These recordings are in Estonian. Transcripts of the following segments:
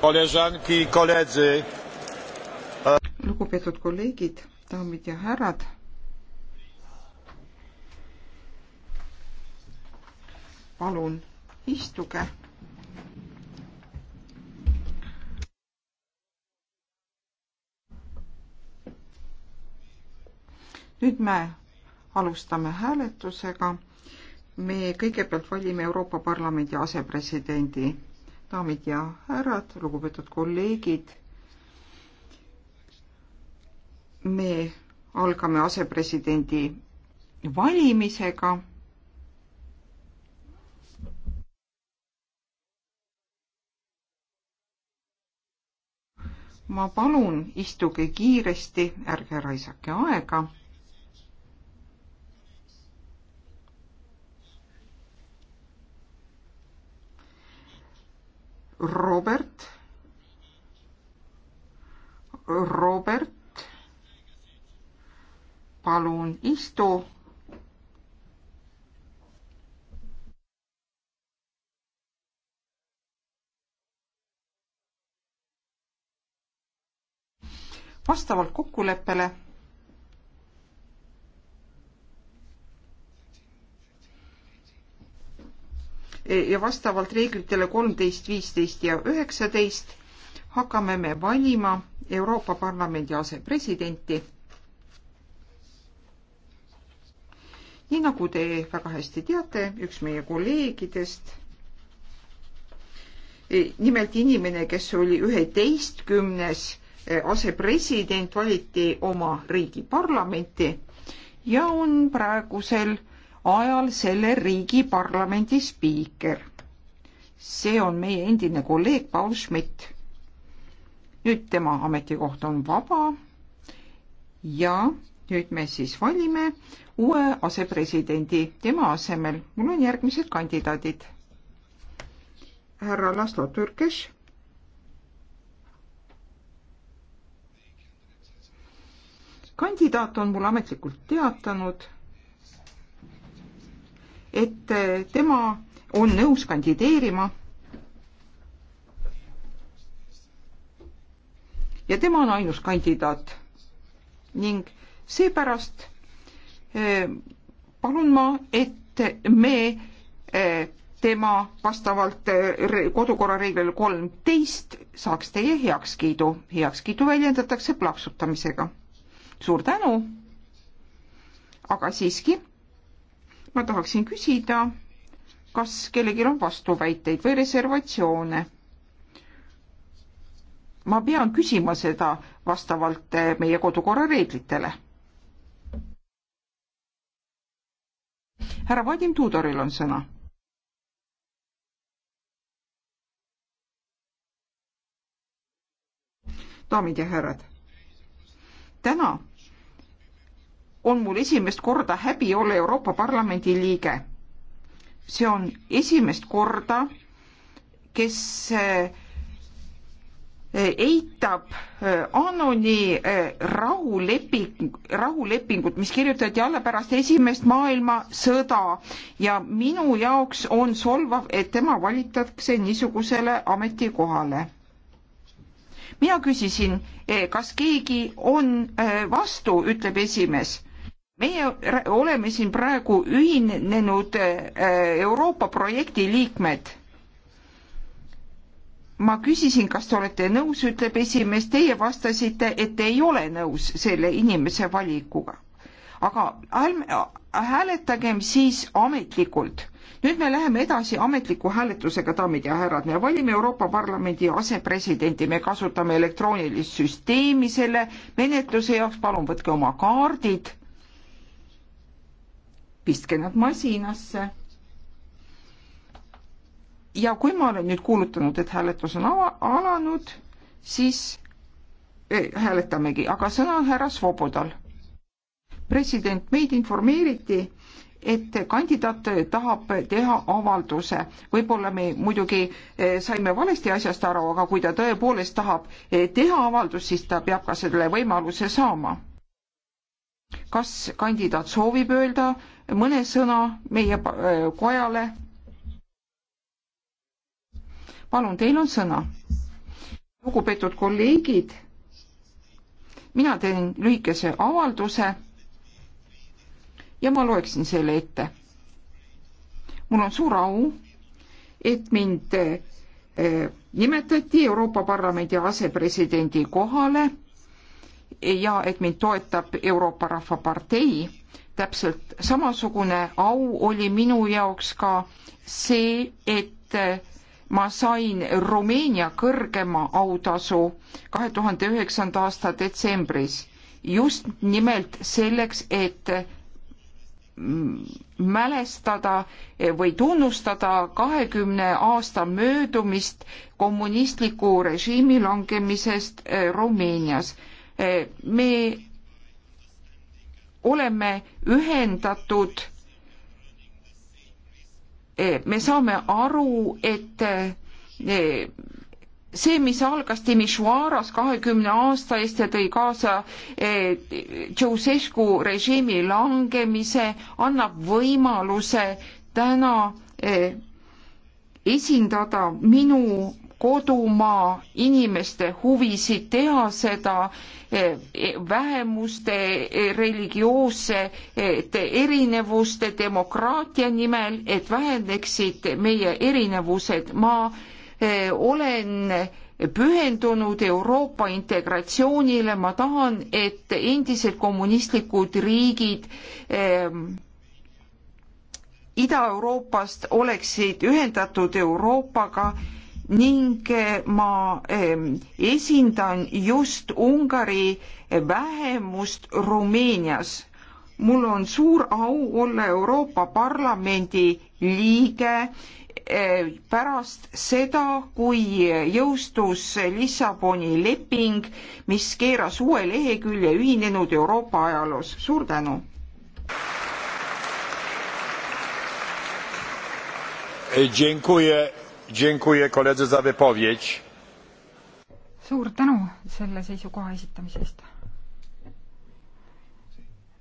koleżanki i koledzy. E, Lugupeetud kolleegid, daamid ja härrad. Palun istuge. Nüüd me alustame hääletusega. Me kõigepealt valime Euroopa Parlamendi asepresidendi daamid ja härrad, lugupeetud kolleegid. me algame asepresidendi valimisega ma palun, istuge kiiresti, ärge raisake aega Robert. Robert, palun istu. vastavalt kokkuleppele ja vastavalt reeglitele kolmteist, viisteist ja üheksateist hakkame me valima Euroopa Parlamendi asepresidenti. nii nagu te väga hästi teate, üks meie kolleegidest, e, nimelt inimene, kes oli üheteistkümnes e, asepresident, valiti oma riigi parlamenti ja on praegusel ajal selle riigi parlamendi spiiker. see on meie endine kolleeg Paul Schmidt. nüüd tema ametikoht on vaba ja nüüd me siis valime uue asepresidendi tema asemel. mul on järgmised kandidaadid. härra Laslo Türkes. kandidaat on mulle ametlikult teatanud et tema on nõus kandideerima. ja tema on ainus kandidaat ning seepärast eh, palun ma, et me eh, tema vastavalt eh, kodukorra reeglile kolmteist saaks teie heakskiidu. heakskiidu väljendatakse plaksutamisega. suur tänu. aga siiski ma tahaksin küsida, kas kellelgi on vastuväiteid või reservatsioone? ma pean küsima seda vastavalt meie kodukorra reeglitele. härra Vadim Tudoril on sõna daamid ja härrad. täna on mul esimest korda häbi olla Euroopa Parlamendi liige. see on esimest korda, kes eh, eitab eh, Anoni eh, rahuleping, rahulepingut, mis kirjutati alla pärast Esimest maailmasõda ja minu jaoks on solvav, et tema valitakse niisugusele ametikohale. mina küsisin, kas keegi on vastu, ütleb esimees meie oleme siin praegu ühinenud äh, Euroopa projekti liikmed. ma küsisin, kas te olete nõus, ütleb esimees, teie vastasite, et te ei ole nõus selle inimese valikuga. aga hääletagem siis ametlikult. nüüd me läheme edasi ametliku hääletusega, daamid ja härrad, me valime Euroopa Parlamendi asepresidenti, me kasutame elektroonilist süsteemi selle menetluse jaoks, palun võtke oma kaardid pistke nad masinasse. ja kui ma olen nüüd kuulutanud, et hääletus on ava, alanud, siis eh, hääletamegi, aga sõna on härra Svobodal. president, meid informeeriti, et kandidaat tahab teha avalduse. võib-olla me muidugi eh, saime valesti asjast aru, aga kui ta tõepoolest tahab eh, teha avaldust, siis ta peab ka selle võimaluse saama kas kandidaat soovib öelda mõne sõna meie äh, kojale? palun, teil on sõna. lugupeetud kolleegid, mina teen lühikese avalduse ja ma loeksin selle ette. mul on suur au, et mind äh, nimetati Euroopa Parlamendi asepresidendi kohale ja et mind toetab Euroopa Rahvapartei. täpselt samasugune au oli minu jaoks ka see, et ma sain Rumeenia kõrgema autasu kahe tuhande üheksanda aasta detsembris just nimelt selleks, et mälestada või tunnustada kahekümne aasta möödumist kommunistliku režiimi langemisest Rumeenias me oleme ühendatud, me saame aru, et e, see, mis algas Timisoaras kahekümne aasta eest ja tõi kaasa e, Ceausescu režiimi langemise, annab võimaluse täna e, esindada minu kodumaa inimeste huvisid teha seda eh, vähemuste, eh, religioossete eh, erinevuste, demokraatia nimel, et väheneksid meie erinevused. ma olen pühendunud Euroopa integratsioonile, ma tahan, et endised kommunistlikud riigid ähm, Ida-Euroopast oleksid ühendatud Euroopaga ning eh, ma esindan just Ungari vähemust Rumeenias. mul on suur au olla Euroopa Parlamendi liige eh, pärast seda, kui jõustus Lissaboni leping, mis keeras uue lehekülje ühinenud Euroopa ajaloos. suur tänu! Eh, dziękuję Dziękuję koledze za wypowiedź. suur tänu selle seisukoha esitamise eest.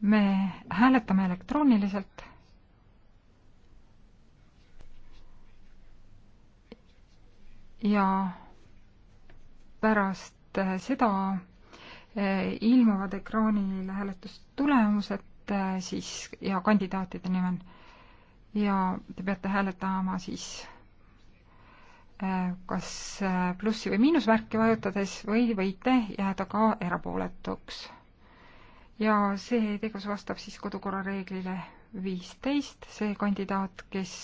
me hääletame elektrooniliselt. ja pärast seda eh, ilmuvad ekraanil hääletustulemused eh, siis ja kandidaatide nimed ja te peate hääletama siis Äh, kas äh, plussi või miinusmärki vajutades või võite jääda ka erapooletuks. ja see tegevus vastab siis kodukorra reeglile viisteist, see kandidaat, kes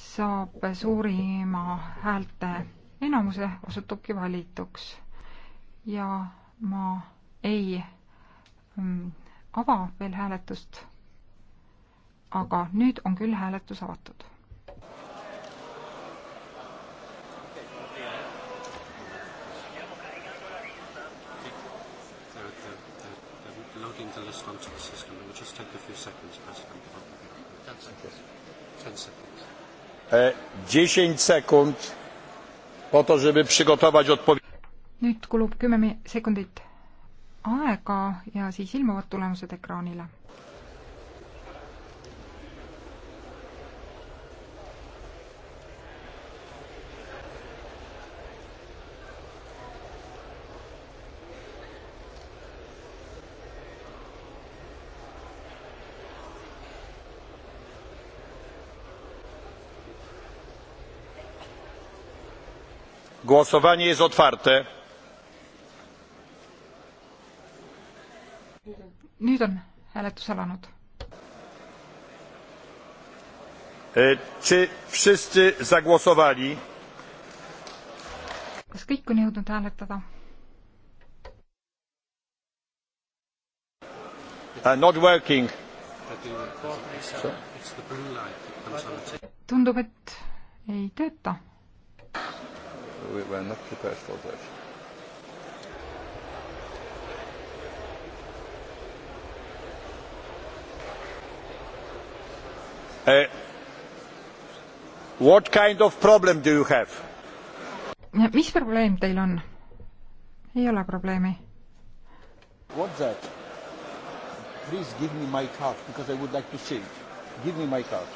saab suurima häälte enamuse, osutubki valituks. ja ma ei mm, ava veel hääletust, aga nüüd on küll hääletus avatud putting the list onto the system. It will just take a few seconds, President. Ten seconds. Ten seconds. E, dziesięć sekund po to, żeby przygotować odpowiedź. Nüüd kulub kümme sekundit aega ja siis ilmuvad tulemused ekraanile. Głosowanie jest otwarte. Nüüd on hääletus alanud. E, czy wszyscy zagłosowali? Kas kõik on jõudnud hääletada? Uh, not working. Tundub, et ei tööta we were not prepared for that. Uh, what kind of problem do you have? mis probleem teil on? ei ole probleemi. What's that? Please give me my card because I would like to see it. Give me my card.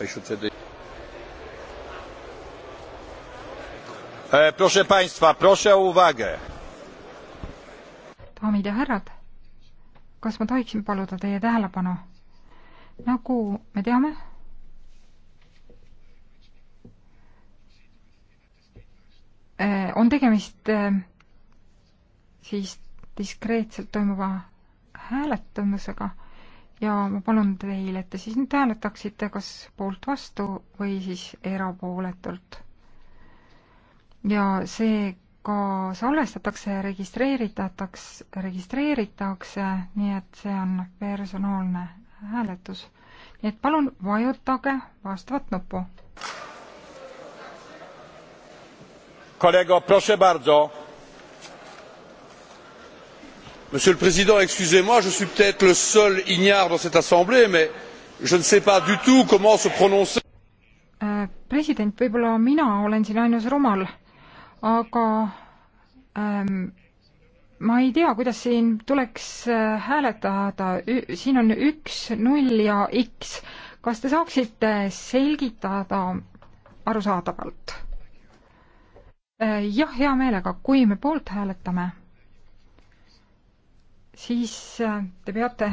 I should say the... Proszę Państwa, proszę o uwagę. daamid ja härrad, kas ma tohiksin paluda teie tähelepanu? nagu me teame, e, on tegemist e, siis diskreetselt toimuva hääletamisega ja ma palun teil, et te siis nüüd hääletaksite kas poolt vastu või siis erapooletult. ja see ka salvestatakse ja registreeritatakse, registreeritakse, nii et see on personaalne hääletus. nii et palun vajutage vastavat nuppu. kolleeg, proszę bardzo monsieur le président excusez moi je suis peut être le seul ignare dans cette assemblée mais je ne sais pas du tout comment se prononcer äh, president võib-olla mina olen siin ainus rumal aga ähm, ma ei tea kuidas siin tuleks äh, hääletada Ü siin on üks null ja X kas te saaksite selgitada arusaadavalt äh, jah hea meelega kui me poolt hääletame siis äh, te peate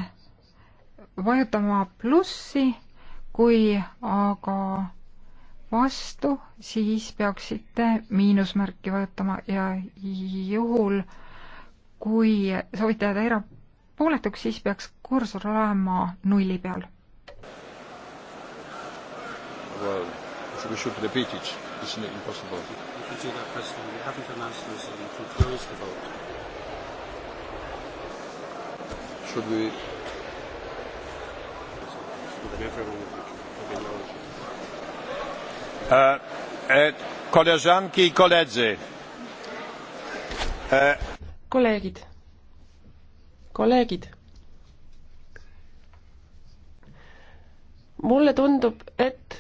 vajutama plussi, kui aga vastu, siis peaksite miinusmärki vajutama ja juhul, kui soovite jääda erapooletuks, siis peaks kursor olema nulli peal. Well, we should repeat it. Isn't it impossible? If you do that, President, we haven't announced this and we can close the vote should we? E, e, koleżanki i koledzy. E... Kolegid. Kolegid. mulle tundub, et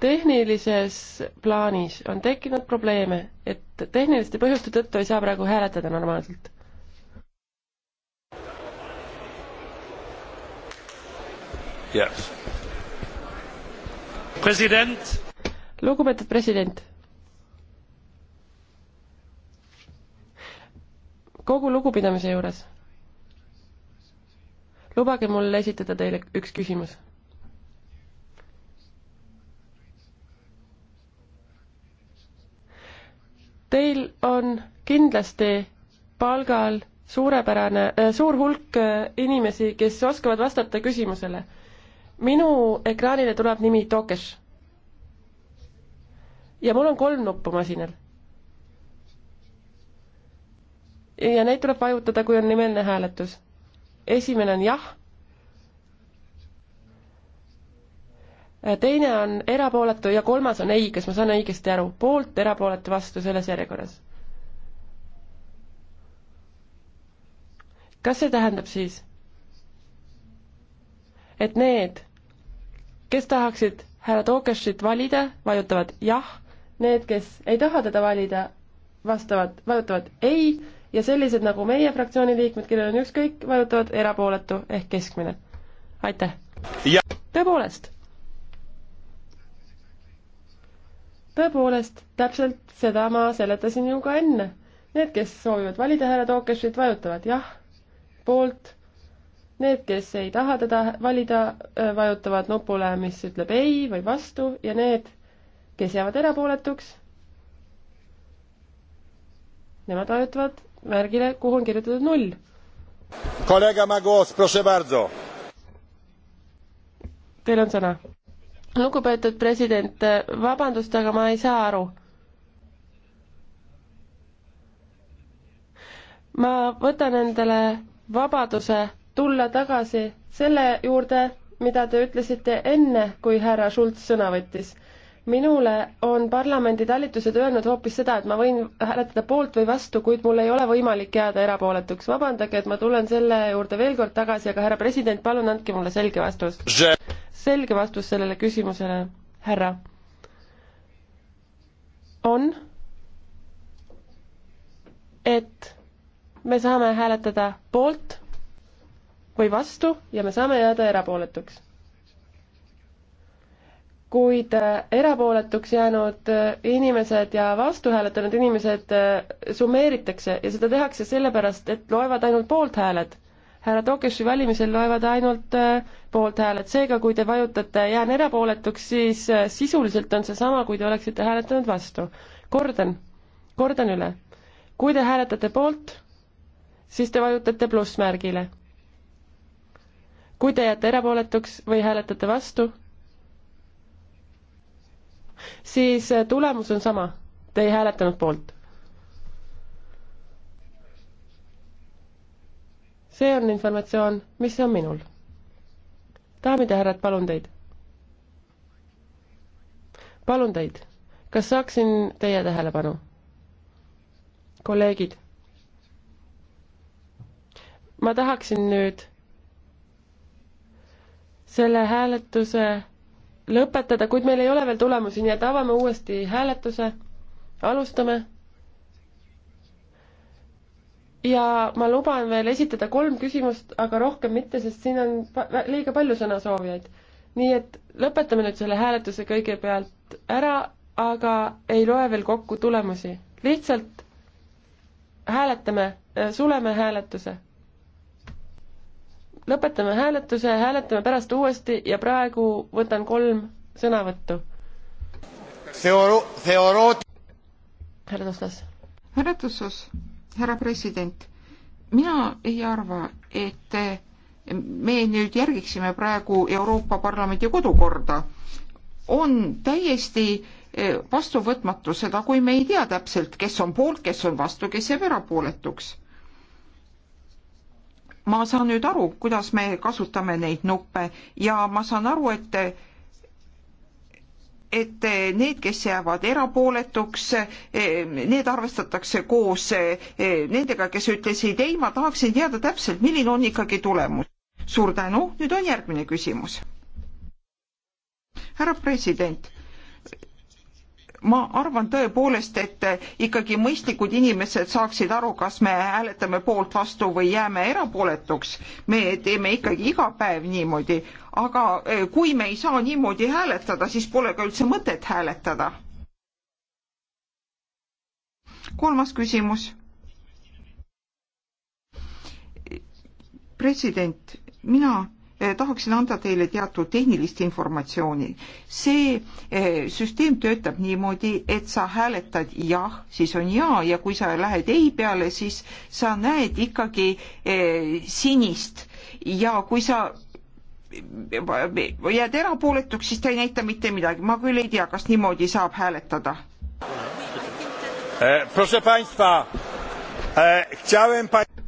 tehnilises plaanis on tekkinud probleeme, et tehniliste põhjuste tõttu ei saa praegu hääletada normaalselt Yes. president. lugupeetud president. kogu lugupidamise juures lubage mul esitada teile üks küsimus. Teil on kindlasti palgal suurepärane, äh, suur hulk äh, inimesi, kes oskavad vastata küsimusele minu ekraanile tuleb nimi Tokes. ja mul on kolm nuppu masinal. ja neid tuleb vajutada, kui on nimeline hääletus. esimene on jah. teine on erapooletu ja kolmas on ei, kas ma saan õigesti aru, poolt, erapooletu, vastu, selles järjekorras. kas see tähendab siis, et need kes tahaksid härra Tokeshit valida, vajutavad jah, need, kes ei taha teda valida, vastavad, vajutavad ei ja sellised nagu meie fraktsiooni liikmed, kellel on ükskõik, vajutavad erapooletu ehk keskmine. aitäh! tõepoolest! tõepoolest, täpselt seda ma seletasin ju ka enne. Need, kes soovivad valida härra Tokeshit, vajutavad jah, poolt Need, kes ei taha teda valida, vajutavad nupule, mis ütleb ei või vastu ja need, kes jäävad erapooletuks, nemad vajutavad märgile, kuhu on kirjutatud null. kolleeg Magos, proše bardzo. Teil on sõna. lugupeetud president, vabandust, aga ma ei saa aru ma võtan endale vabaduse tulla tagasi selle juurde, mida te ütlesite enne, kui härra Schulz sõna võttis. minule on parlamendi talitused öelnud hoopis seda, et ma võin hääletada poolt või vastu, kuid mul ei ole võimalik jääda erapooletuks. vabandage, et ma tulen selle juurde veel kord tagasi, aga härra president, palun andke mulle selge vastus. selge vastus sellele küsimusele, härra. on, et me saame hääletada poolt või vastu ja me saame jääda erapooletuks. kuid äh, erapooletuks jäänud äh, inimesed ja vastu hääletanud inimesed äh, summeeritakse ja seda tehakse sellepärast, et loevad ainult poolthääled. härra Tokeši valimisel loevad ainult poolthääled, seega kui te vajutate jään erapooletuks, siis sisuliselt on seesama, kui te oleksite hääletanud vastu. kordan, kordan üle. kui te hääletate poolt, siis te vajutate plussmärgile kui te jääte erapooletuks või hääletate vastu, siis eh, tulemus on sama, te ei hääletanud poolt. see on informatsioon, mis on minul. daamid ja härrad, palun teid. palun teid, kas saaksin teie tähelepanu? kolleegid, ma tahaksin nüüd selle hääletuse lõpetada, kuid meil ei ole veel tulemusi, nii et avame uuesti hääletuse. alustame. ja ma luban veel esitada kolm küsimust, aga rohkem mitte, sest siin on liiga palju sõnasoovijaid. nii et lõpetame nüüd selle hääletuse kõigepealt ära, aga ei loe veel kokku tulemusi. lihtsalt hääletame, äh, suleme hääletuse lõpetame hääletuse, hääletame pärast uuesti ja praegu võtan kolm sõnavõttu. härra Tostas. härra Tostas, härra president, mina ei arva, et me nüüd järgiksime praegu Euroopa Parlamendi kodukorda. on täiesti eh, vastuvõtmatu seda, kui me ei tea täpselt, kes on poolt, kes on vastu, kes jääb erapooletuks ma saan nüüd aru, kuidas me kasutame neid nuppe ja ma saan aru, et et need, kes jäävad erapooletuks, need arvestatakse koos nendega, kes ütlesid ei, ma tahaksin teada täpselt, milline on ikkagi tulemus. suur tänu, nüüd on järgmine küsimus. härra president ma arvan tõepoolest, et äh, ikkagi mõistlikud inimesed saaksid aru, kas me hääletame poolt vastu või jääme erapooletuks. me teeme ikkagi iga päev niimoodi, aga äh, kui me ei saa niimoodi hääletada, siis pole ka üldse mõtet hääletada. kolmas küsimus. president, mina Eh, tahaksin anda teile teatud tehnilist informatsiooni. see eh, süsteem töötab niimoodi, et sa hääletad jah, siis on ja ja kui sa lähed ei peale, siis sa näed ikkagi eh, sinist ja kui sa jääd erapooletuks, siis ta ei näita mitte midagi, ma küll ei tea, kas niimoodi saab hääletada.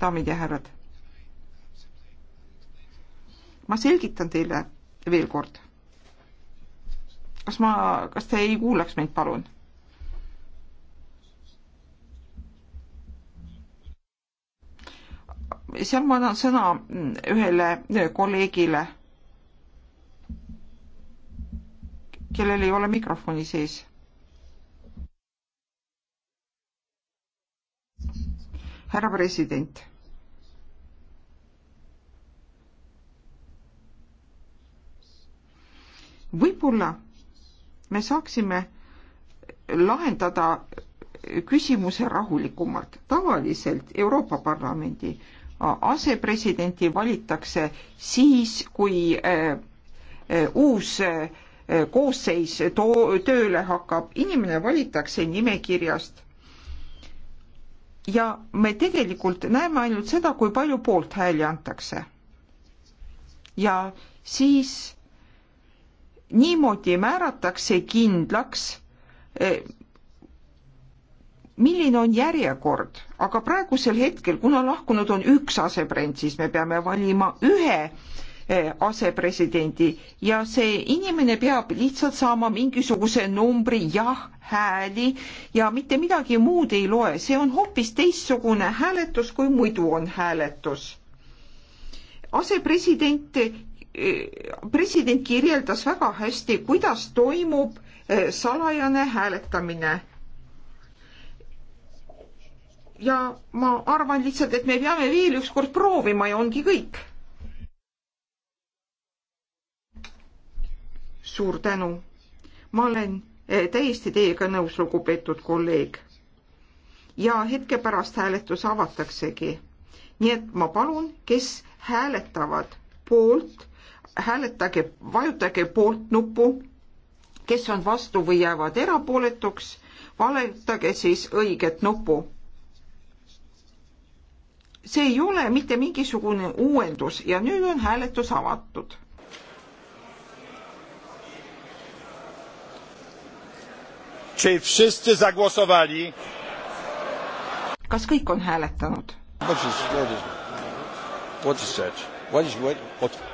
daamid ja härrad ma selgitan teile veel kord. kas ma, kas te ei kuulaks mind, palun? seal ma annan sõna ühele kolleegile, kellel ei ole mikrofoni sees. härra president võib-olla me saaksime lahendada küsimuse rahulikumalt. tavaliselt Euroopa Parlamendi asepresidenti valitakse siis, kui äh, äh, uus äh, koosseis too, tööle hakkab, inimene valitakse nimekirjast. ja me tegelikult näeme ainult seda, kui palju poolthääli antakse. ja siis niimoodi määratakse kindlaks, e, milline on järjekord, aga praegusel hetkel, kuna lahkunud on üks asepresident, siis me peame valima ühe e, asepresidendi ja see inimene peab lihtsalt saama mingisuguse numbri jah hääli ja mitte midagi muud ei loe, see on hoopis teistsugune hääletus, kui muidu on hääletus asepresident president kirjeldas väga hästi, kuidas toimub eh, salajane hääletamine. ja ma arvan lihtsalt, et me peame veel ükskord proovima ja ongi kõik. suur tänu. ma olen eh, täiesti teiega nõus, lugupeetud kolleeg. ja hetke pärast hääletus avataksegi. nii et ma palun, kes hääletavad poolt hääletage, vajutage poolt nuppu, kes on vastu või jäävad erapooletuks, valetage siis õiget nuppu. see ei ole mitte mingisugune uuendus ja nüüd on hääletus avatud Czy wszyscy zagłosowali? Kas kõik on hääletanud? What is, what is, what is that? What is, what, what?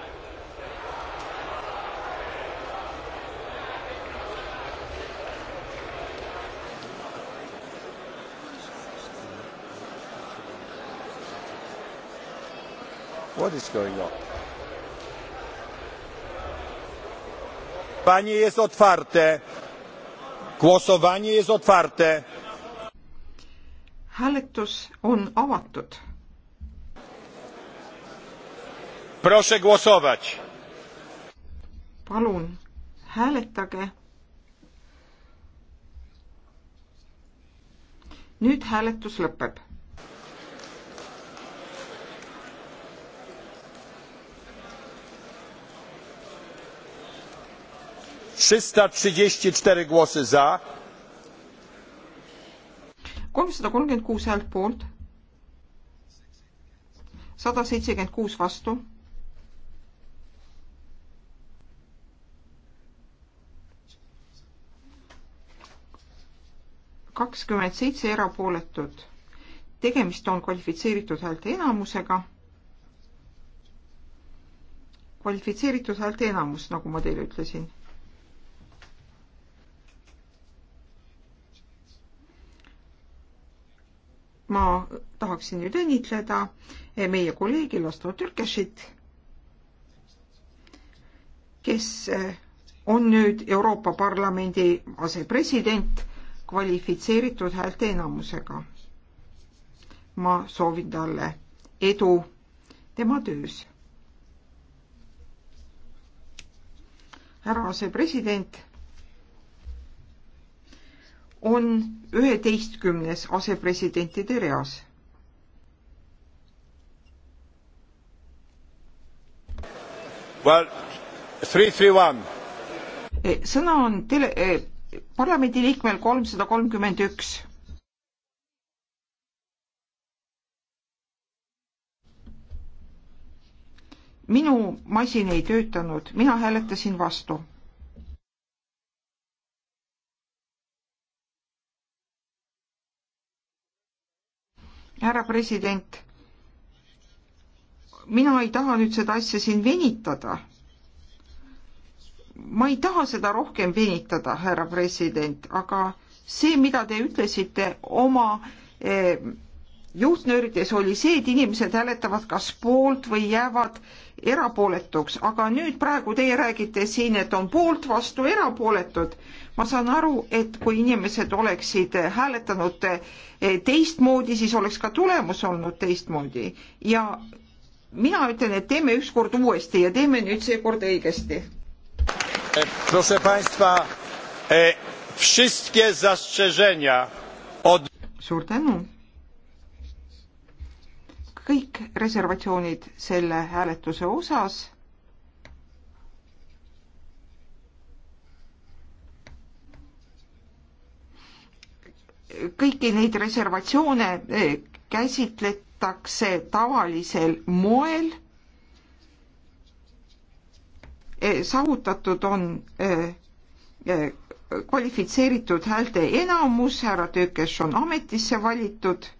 What is going on? Głosowanie jest otwarte. Głosowanie jest otwarte. Hääletus on avatud. Proszę głosować. Palun, hääletage. Nüüd hääletus lõpeb trzysta trzydzieści cztery głosy za kolmsada kolmkümmend kuus häält poolt sada seitsekümmend kuus vastu kakskümmend seitse erapooletut tegemist on kvalifitseeritud häälteenamusega kvalifitseeritud häälteenamus, nagu ma teile ütlesin ma tahaksin nüüd õnnitleda eh, meie kolleegi Laslo Türkesit, kes eh, on nüüd Euroopa Parlamendi asepresident kvalifitseeritud häälteenamusega. ma soovin talle edu tema töös. härra asepresident on üheteistkümnes asepresidentide reas. Well, three, three, eh, sõna on tele- eh,, parlamendiliikmel kolmsada kolmkümmend üks. minu masin ei töötanud, mina hääletasin vastu härra president, mina ei taha nüüd seda asja siin venitada. ma ei taha seda rohkem venitada, härra president, aga see, mida te ütlesite oma eh, juhtnöörides oli see, et inimesed hääletavad kas poolt või jäävad erapooletuks, aga nüüd praegu teie räägite siin, et on poolt, vastu, erapooletud. ma saan aru, et kui inimesed oleksid hääletanud eh, teistmoodi, siis oleks ka tulemus olnud teistmoodi ja mina ütlen, et teeme ükskord uuesti ja teeme nüüd seekord õigesti. Eh, eh, suur tänu kõik reservatsioonid selle hääletuse osas. kõiki neid reservatsioone eh, käsitletakse tavalisel moel. Eh, saavutatud on eh, kvalifitseeritud häälte enamus, härra Töökes on ametisse valitud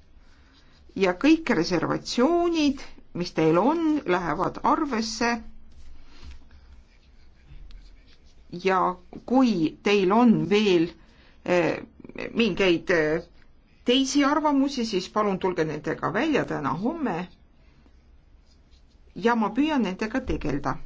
ja kõik reservatsioonid, mis teil on, lähevad arvesse. ja kui teil on veel eh, mingeid eh, teisi arvamusi, siis palun tulge nendega välja täna-homme. ja ma püüan nendega tegeleda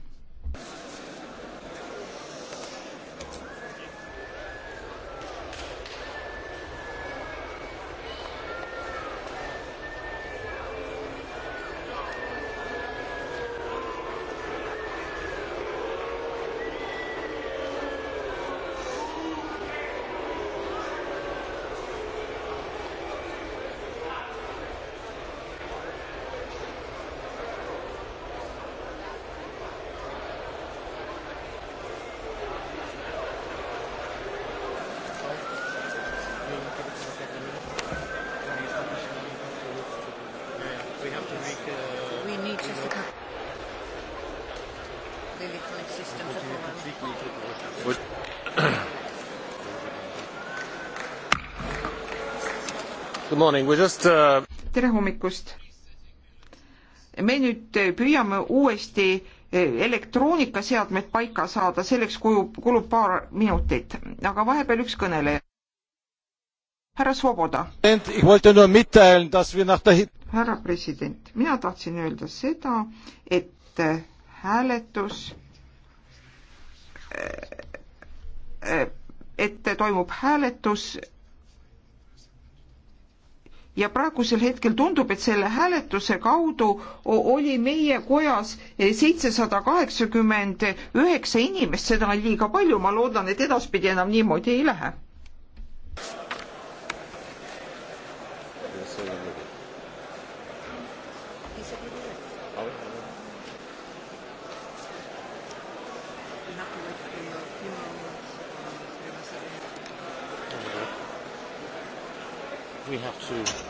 Just, uh... tere hommikust! me nüüd äh, püüame uuesti äh, elektroonikaseadmed paika saada, selleks kulub, kulub paar minutit, aga vahepeal üks kõneleja. härra Svoboda. härra president, mina tahtsin öelda seda, et äh, hääletus, et toimub hääletus ja praegusel hetkel tundub, et selle hääletuse kaudu oli meie kojas eh, seitsesada kaheksakümmend üheksa inimest, seda on liiga palju, ma loodan, et edaspidi enam niimoodi ei lähe. We have to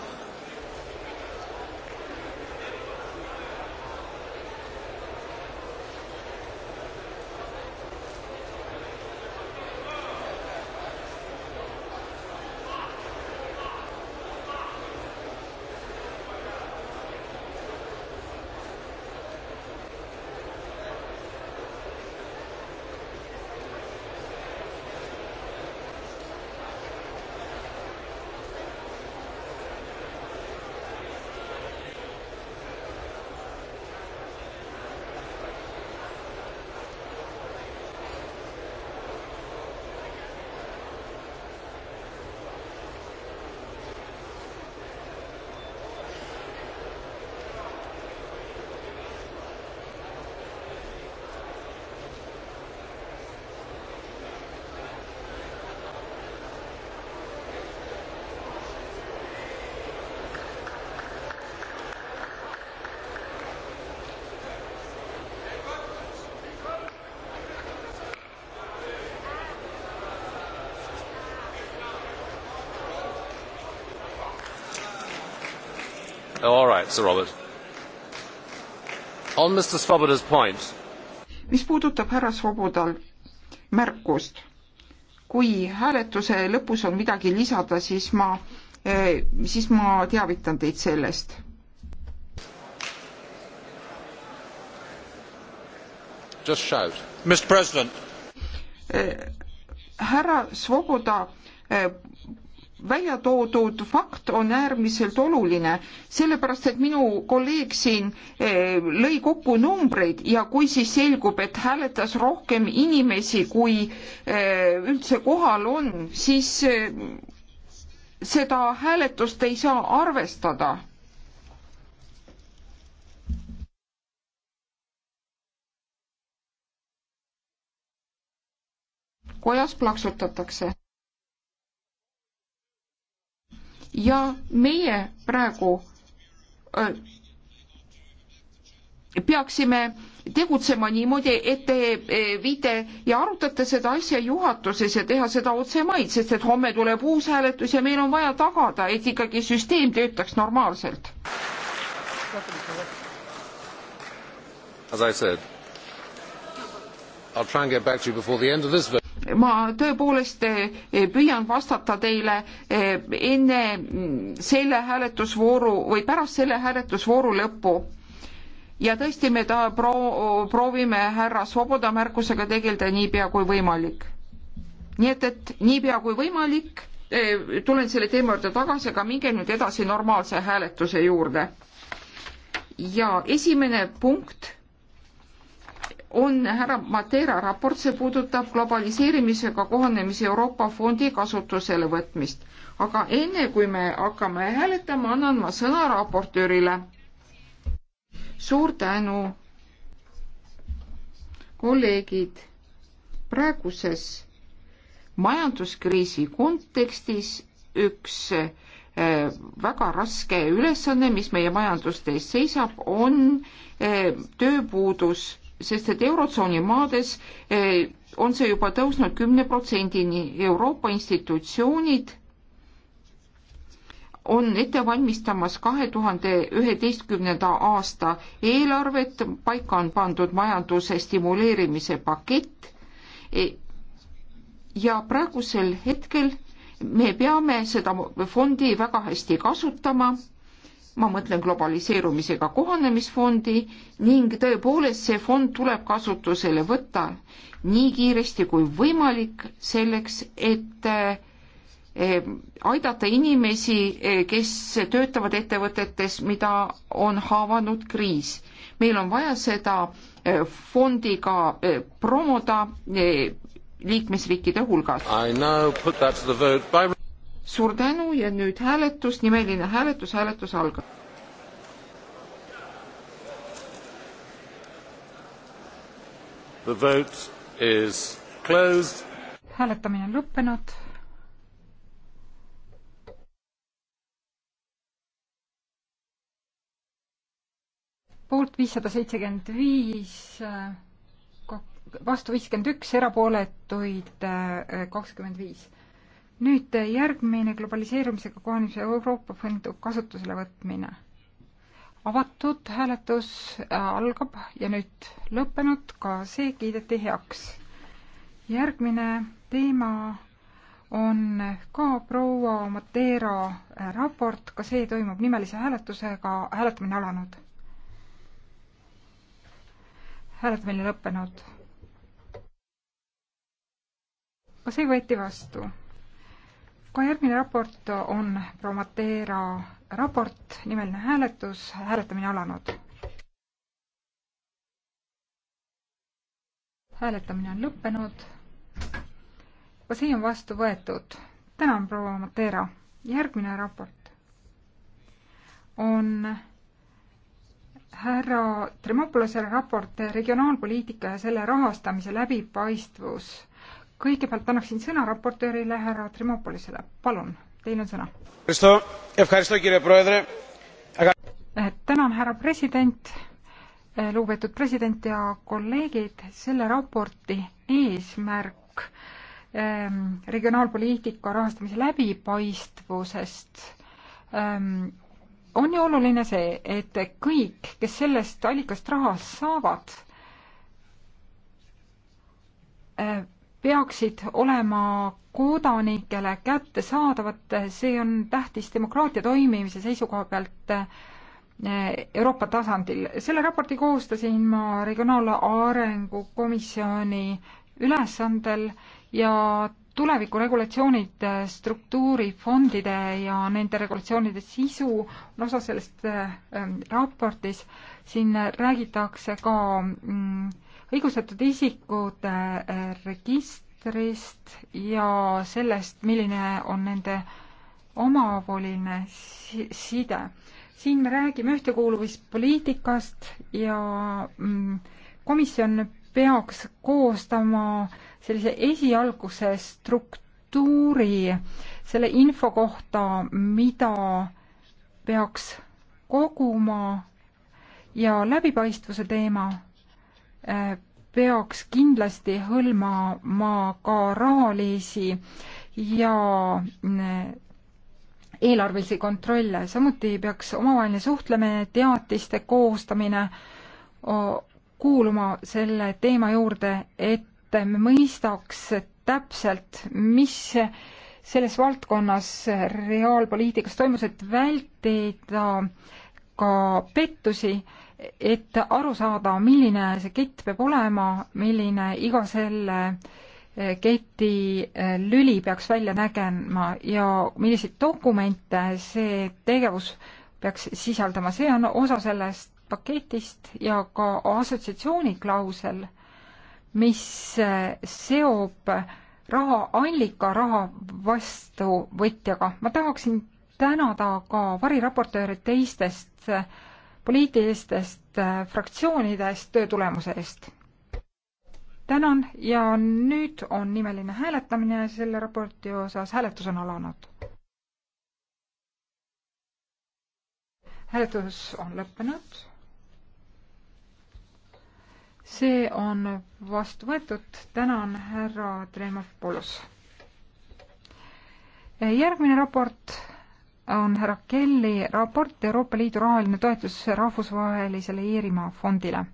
right, Sir Robert. On Mr Svoboda's point. mis puudutab härra Svobodal märkust, kui hääletuse lõpus on midagi lisada, siis ma, eh, siis ma teavitan teid sellest eh, härra swoboda eh, välja toodud fakt on äärmiselt oluline, sellepärast et minu kolleeg siin eh, lõi kokku numbreid ja kui siis selgub, et hääletas rohkem inimesi, kui eh, üldse kohal on, siis eh, seda hääletust ei saa arvestada kojas plaksutatakse. ja meie praegu äh, peaksime tegutsema niimoodi, et te äh, viite ja arutate seda asja juhatuses ja teha seda otsemaid, sest et homme tuleb uus hääletus ja meil on vaja tagada, et ikkagi süsteem töötaks normaalselt. As I said, I'll try and get back to you before the end of this vote ma tõepoolest eh, püüan vastata teile eh, enne selle hääletusvooru või pärast selle hääletusvooru lõppu ja tõesti, me ta pro-, proovime härra Svoboda märkusega tegeleda niipea kui võimalik. nii et, et niipea kui võimalik, eh, tulen selle teema juurde tagasi, aga minge nüüd edasi normaalse hääletuse juurde. ja esimene punkt on härra Matera raport, see puudutab globaliseerimisega kohanemise Euroopa Fondi kasutusele võtmist. aga enne, kui me hakkame hääletama, annan ma sõna raportöörile. suur tänu, kolleegid. praeguses majanduskriisi kontekstis üks eh, väga raske ülesanne, mis meie majanduste ees seisab, on eh, tööpuudus sest et Eurotsooni maades eh, on see juba tõusnud kümne protsendini. Euroopa institutsioonid on ette valmistamas kahe tuhande üheteistkümnenda aasta eelarvet, paika on pandud majanduse stimuleerimise pakett eh, ja praegusel hetkel me peame seda fondi väga hästi kasutama ma mõtlen globaliseerumisega kohanemisfondi ning tõepoolest see fond tuleb kasutusele võtta nii kiiresti kui võimalik selleks, et eh, aidata inimesi, eh, kes töötavad ettevõtetes, mida on haavanud kriis. meil on vaja seda eh, fondi ka promoda liikmesriikide hulgas. By suur tänu ja nüüd hääletus, nimeline hääletus, hääletus algab. The vote is closed. hääletamine on lõppenud. poolt viissada seitsekümmend viis, vastu viiskümmend üks, erapooletuid kakskümmend viis nüüd järgmine globaliseerumisega kohanemise Euroopa Fondi kasutusele võtmine. avatud hääletus äh, algab ja nüüd lõppenud, ka see kiideti heaks. järgmine teema on ka proua Matera äh, raport, ka see toimub nimelise hääletusega, hääletamine alanud. hääletamine lõppenud. ka see võeti vastu ka järgmine raport on Promatera raport, nimeline hääletus, hääletamine alanud. hääletamine on lõppenud. ka see on vastu võetud. tänan, proua Matera. järgmine raport on härra Tremopolosele raport Regionaalpoliitika ja selle rahastamise läbipaistvus kõigepealt annaksin sõna raportöörile härra Trimopolisele, palun, teil on sõna. Äh, tänan, härra president, äh, lugupeetud president ja kolleegid, selle raporti eesmärk ähm, regionaalpoliitika rahastamise läbipaistvusest ähm, on ju oluline see, et kõik, kes sellest allikast raha saavad äh,, peaksid olema kodanikele kättesaadavad, see on tähtis demokraatia toimimise seisukoha pealt eh, Euroopa tasandil. selle raporti koostasin ma Regionaalarengu Komisjoni ülesandel ja tulevikuregulatsioonid, eh, struktuurifondide ja nende regulatsioonide sisu on osa sellest eh, raportis. siin räägitakse ka mm, õigustatud isikute äh, registrist ja sellest, milline on nende omavoline side. siin me räägime ühtekuuluvuspoliitikast ja mm, komisjon peaks koostama sellise esialguse struktuuri selle info kohta, mida peaks koguma ja läbipaistvuse teema äh, peaks kindlasti hõlmama ka rahalisi ja mm, eelarvelisi kontrolle, samuti peaks omavaheline suhtlemine, teatiste koostamine kuuluma selle teema juurde, et me mõistaks täpselt, mis selles valdkonnas reaalpoliitikas toimus, et vältida ka pettusi et aru saada, milline see kett peab olema, milline iga selle eh, keti eh, lüli peaks välja nägema ja milliseid dokumente see tegevus peaks sisaldama, see on osa sellest paketist ja ka assotsiatsiooni klausel, mis eh, seob raha allika raha vastuvõtjaga. ma tahaksin tänada ka variraportööre teistest äh, poliitilistest äh, fraktsioonidest töö tulemuse eest. tänan ja nüüd on nimeline hääletamine selle raporti osas, hääletus on alanud. hääletus on lõppenud. see on vastu võetud, tänan härra Tremov Polus. järgmine raport on härra Kelly raport Euroopa Liidu rahaline toetus rahvusvahelisele Iirimaa fondile.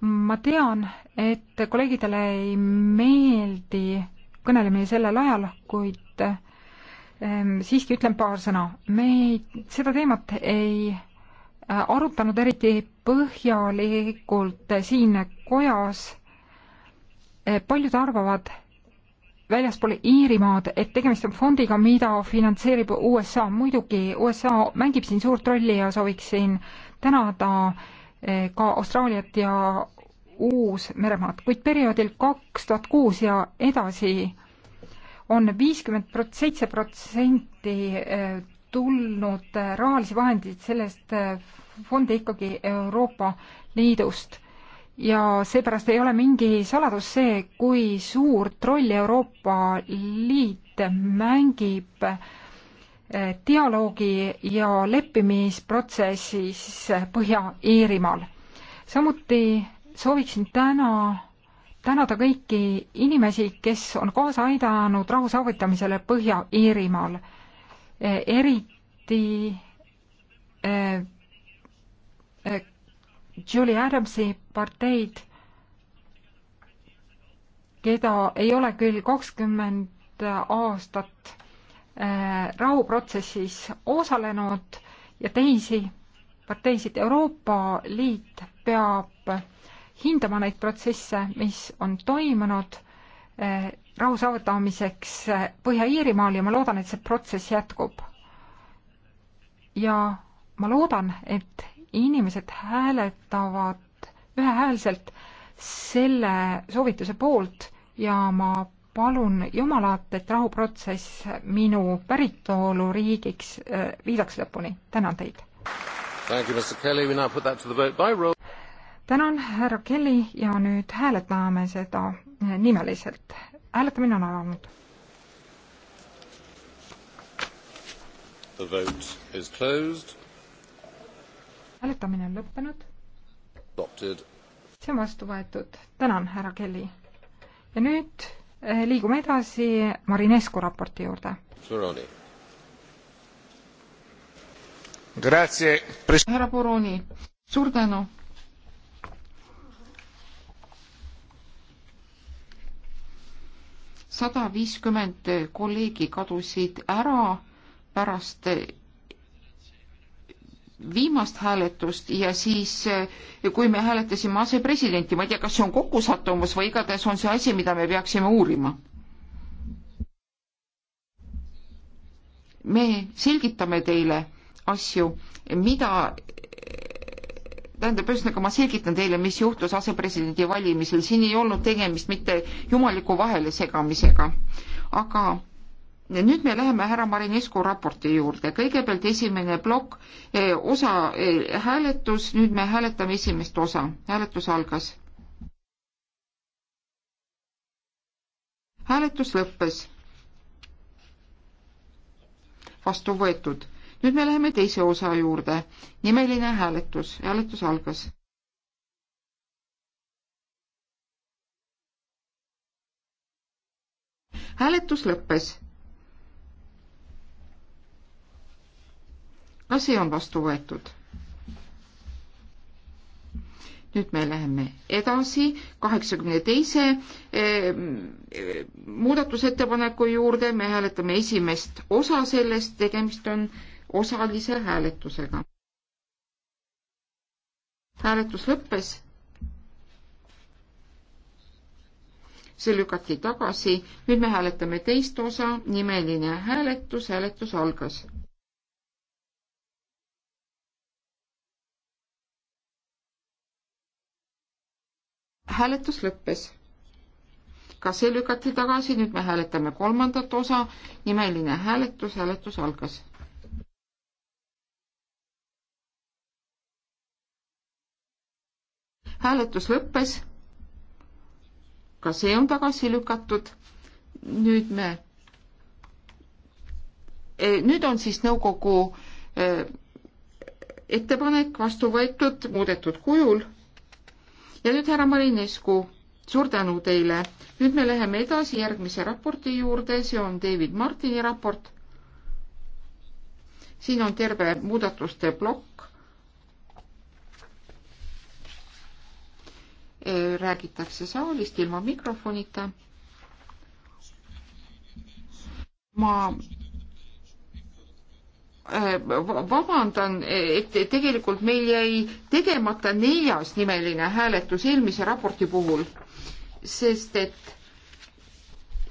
ma tean, et kolleegidele ei meeldi kõnelemine sellel ajal, kuid ähm, siiski ütlen paar sõna. me ei, seda teemat ei äh, arutanud eriti põhjalikult siin kojas Eh, paljud arvavad väljaspool Iirimaad, et tegemist on fondiga, mida finantseerib USA. muidugi USA mängib siin suurt rolli ja sooviksin tänada eh, ka Austraaliat ja Uus-Meremaad, kuid perioodil kaks tuhat kuus ja edasi on viiskümmend prot-, seitse protsenti eh, tulnud rahalisi vahendeid sellest fondi ikkagi Euroopa Liidust ja seepärast ei ole mingi saladus see, kui suurt rolli Euroopa Liit mängib eh, dialoogi ja leppimisprotsessis Põhja-Iirimaal. samuti sooviksin täna tänada kõiki inimesi, kes on kaasa aidanud rahu saavutamisele Põhja-Iirimaal, eh, eriti eh, Julie Adamsi parteid, keda ei ole küll kakskümmend aastat äh, rahuprotsessis osalenud ja teisi parteisid. Euroopa Liit peab hindama neid protsesse, mis on toimunud äh, rahu saavutamiseks äh, Põhja-Iirimaal ja ma loodan, et see protsess jätkub. ja ma loodan, et inimesed hääletavad ühehäälselt selle soovituse poolt ja ma palun Jumalat, et rahuprotsess minu päritoluriigiks äh, viidaks lõpuni. tänan teid! tänan, härra Kelly, ja nüüd hääletame seda äh, nimeliselt. hääletamine on alanud. The vote is closed hääletamine on lõppenud. see on vastu võetud. tänan, härra Kelly. ja nüüd eh, liigume edasi Marinescu raporti juurde. härra Buruni, suur tänu. sada viiskümmend kolleegi kadusid ära pärast viimast hääletust ja siis, kui me hääletasime asepresidenti, ma ei tea, kas see on kokkusattumus või igatahes on see asi, mida me peaksime uurima. me selgitame teile asju, mida, tähendab, ühesõnaga ma selgitan teile, mis juhtus asepresidendi valimisel, siin ei olnud tegemist mitte jumaliku vahelesegemisega, aga ja nüüd me läheme härra Marinescu raporti juurde. kõigepealt esimene plokk, eh, osa eh, hääletus, nüüd me hääletame esimest osa. hääletus algas. hääletus lõppes. vastu võetud. nüüd me läheme teise osa juurde. nimeline hääletus, hääletus algas. hääletus lõppes ka see on vastu võetud. nüüd me läheme edasi kaheksakümne teise eh, muudatusettepaneku juurde, me hääletame esimest osa sellest, tegemist on osalise hääletusega. hääletus lõppes see lükati tagasi. nüüd me hääletame teist osa, nimeline hääletus, hääletus algas. hääletus lõppes. ka see lükati tagasi, nüüd me hääletame kolmandat osa, nimeline hääletus, hääletus algas. hääletus lõppes. ka see on tagasi lükatud. nüüd me, eh, nüüd on siis nõukogu eh, ettepanek vastu võetud muudetud kujul ja nüüd härra Marinescu, suur tänu teile. nüüd me läheme edasi järgmise raporti juurde, see on David Martini raport. siin on terve muudatuste plokk. E, räägitakse saalist ilma mikrofonita. ma Äh, vabandan, et tegelikult meil jäi tegemata neljas nimeline hääletus eelmise raporti puhul, sest et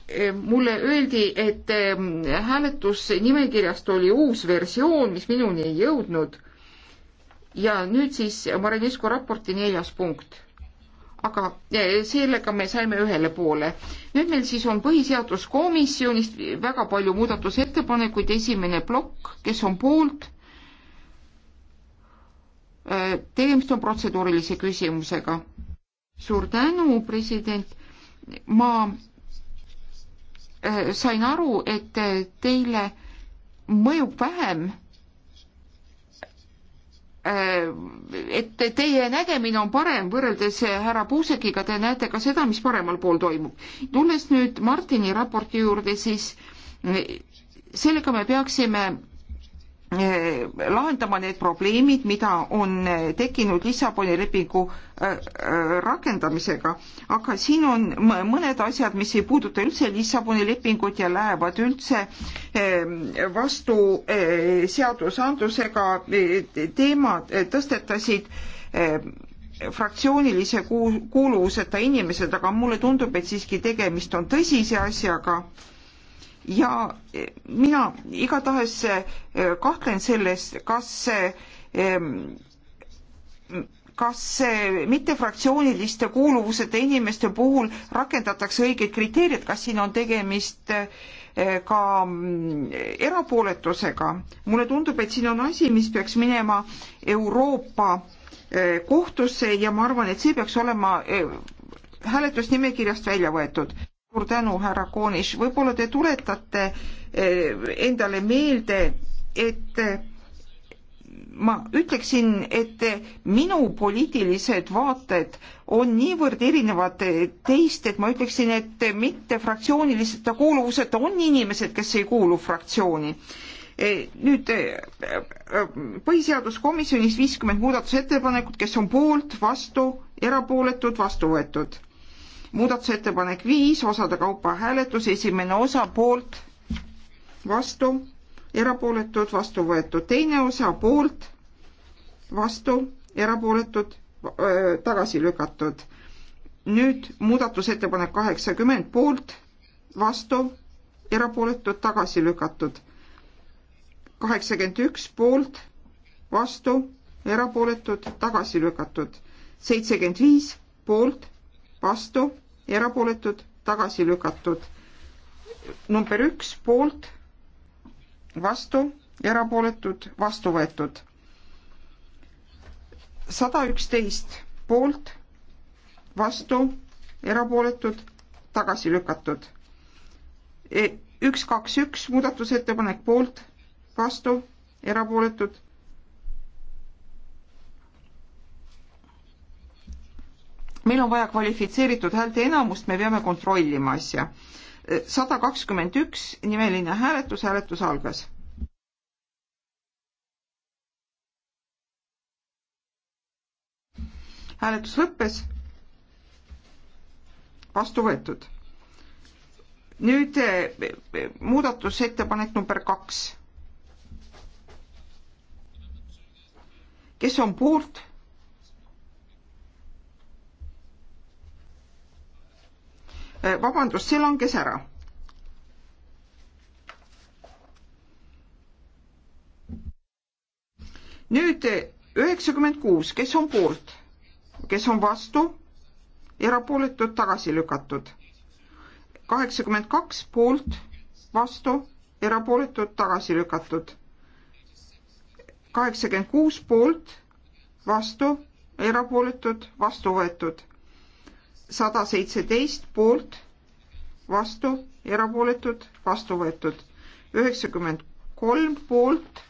äh, mulle öeldi, et äh, hääletusnimekirjast oli uus versioon, mis minuni ei jõudnud. ja nüüd siis Marinesko raporti neljas punkt aga sellega me saime ühele poole. nüüd meil siis on põhiseaduskomisjonist väga palju muudatusettepanekuid, esimene plokk, kes on poolt. Äh, tegemist on protseduurilise küsimusega. suur tänu, president. ma äh, sain aru, et äh, teile mõjub vähem Äh, et teie nägemine on parem võrreldes äh, härra Puusekiga, te näete ka seda, mis paremal pool toimub. tulles nüüd Martini raporti juurde, siis äh, sellega me peaksime Äh, lahendama need probleemid, mida on tekkinud Lissaboni lepingu äh, äh, rakendamisega. aga siin on mõned asjad, mis ei puuduta üldse Lissaboni lepingut ja lähevad üldse ähm, vastu seadusandlusega. teemad tõstetasid ähm, fraktsioonilise kuuluvuseta inimesed, aga mulle tundub, et siiski tegemist on tõsise asjaga ja e, mina igatahes e, kahtlen selles, kas e, kas mittefraktsiooniliste kuuluvuseta inimeste puhul rakendatakse õigeid kriteeriumeid, kas siin on tegemist ka erapooletusega? mulle tundub, et siin on asi, mis peaks minema Euroopa kohtusse ja ma arvan, et see peaks olema hääletusnimekirjast välja võetud suur tänu, härra Koonis, võib-olla te tuletate eh, endale meelde, et eh, ma ütleksin, et minu poliitilised vaated on niivõrd erinevad teist, et ma ütleksin, et mitte fraktsiooniliseta kuuluvuseta on inimesed, kes ei kuulu fraktsiooni. Eh, nüüd põhiseaduskomisjonis viiskümmend muudatusettepanekut, kes on poolt, vastu, erapooletud, vastu võetud muudatusettepanek viis, osade kaupa hääletus, esimene osa poolt, vastu, erapooletud, vastu võetud, teine osa poolt, vastu, erapooletud, äh, tagasi lükatud. nüüd muudatusettepanek kaheksakümmend poolt, vastu, erapooletud, tagasi lükatud. kaheksakümmend üks poolt, vastu, erapooletud, tagasi lükatud. seitsekümmend viis poolt, vastu erapooletud, tagasi lükatud. number üks poolt, vastu, erapooletud, vastu võetud. sada üksteist poolt, vastu, erapooletud, tagasi lükatud. E, üks, kaks, üks muudatusettepanek poolt, vastu, erapooletud, meil on vaja kvalifitseeritud häälteenamust, me peame kontrollima asja. sada kakskümmend üks nimeline hääletus, hääletus algas. hääletus lõppes. vastu võetud. nüüd eh, muudatusettepanek number kaks. kes on poolt? Äh, vabandust, see langes ära. nüüd äh, üheksakümmend kuus, kes on poolt, kes on vastu, erapooletud, tagasi lükatud. kaheksakümmend kaks poolt, vastu, erapooletud, tagasi lükatud. kaheksakümmend kuus poolt, vastu, erapooletud, vastu võetud sada seitseteist poolt, vastu, erapooletud, vastu võetud. üheksakümmend kolm poolt,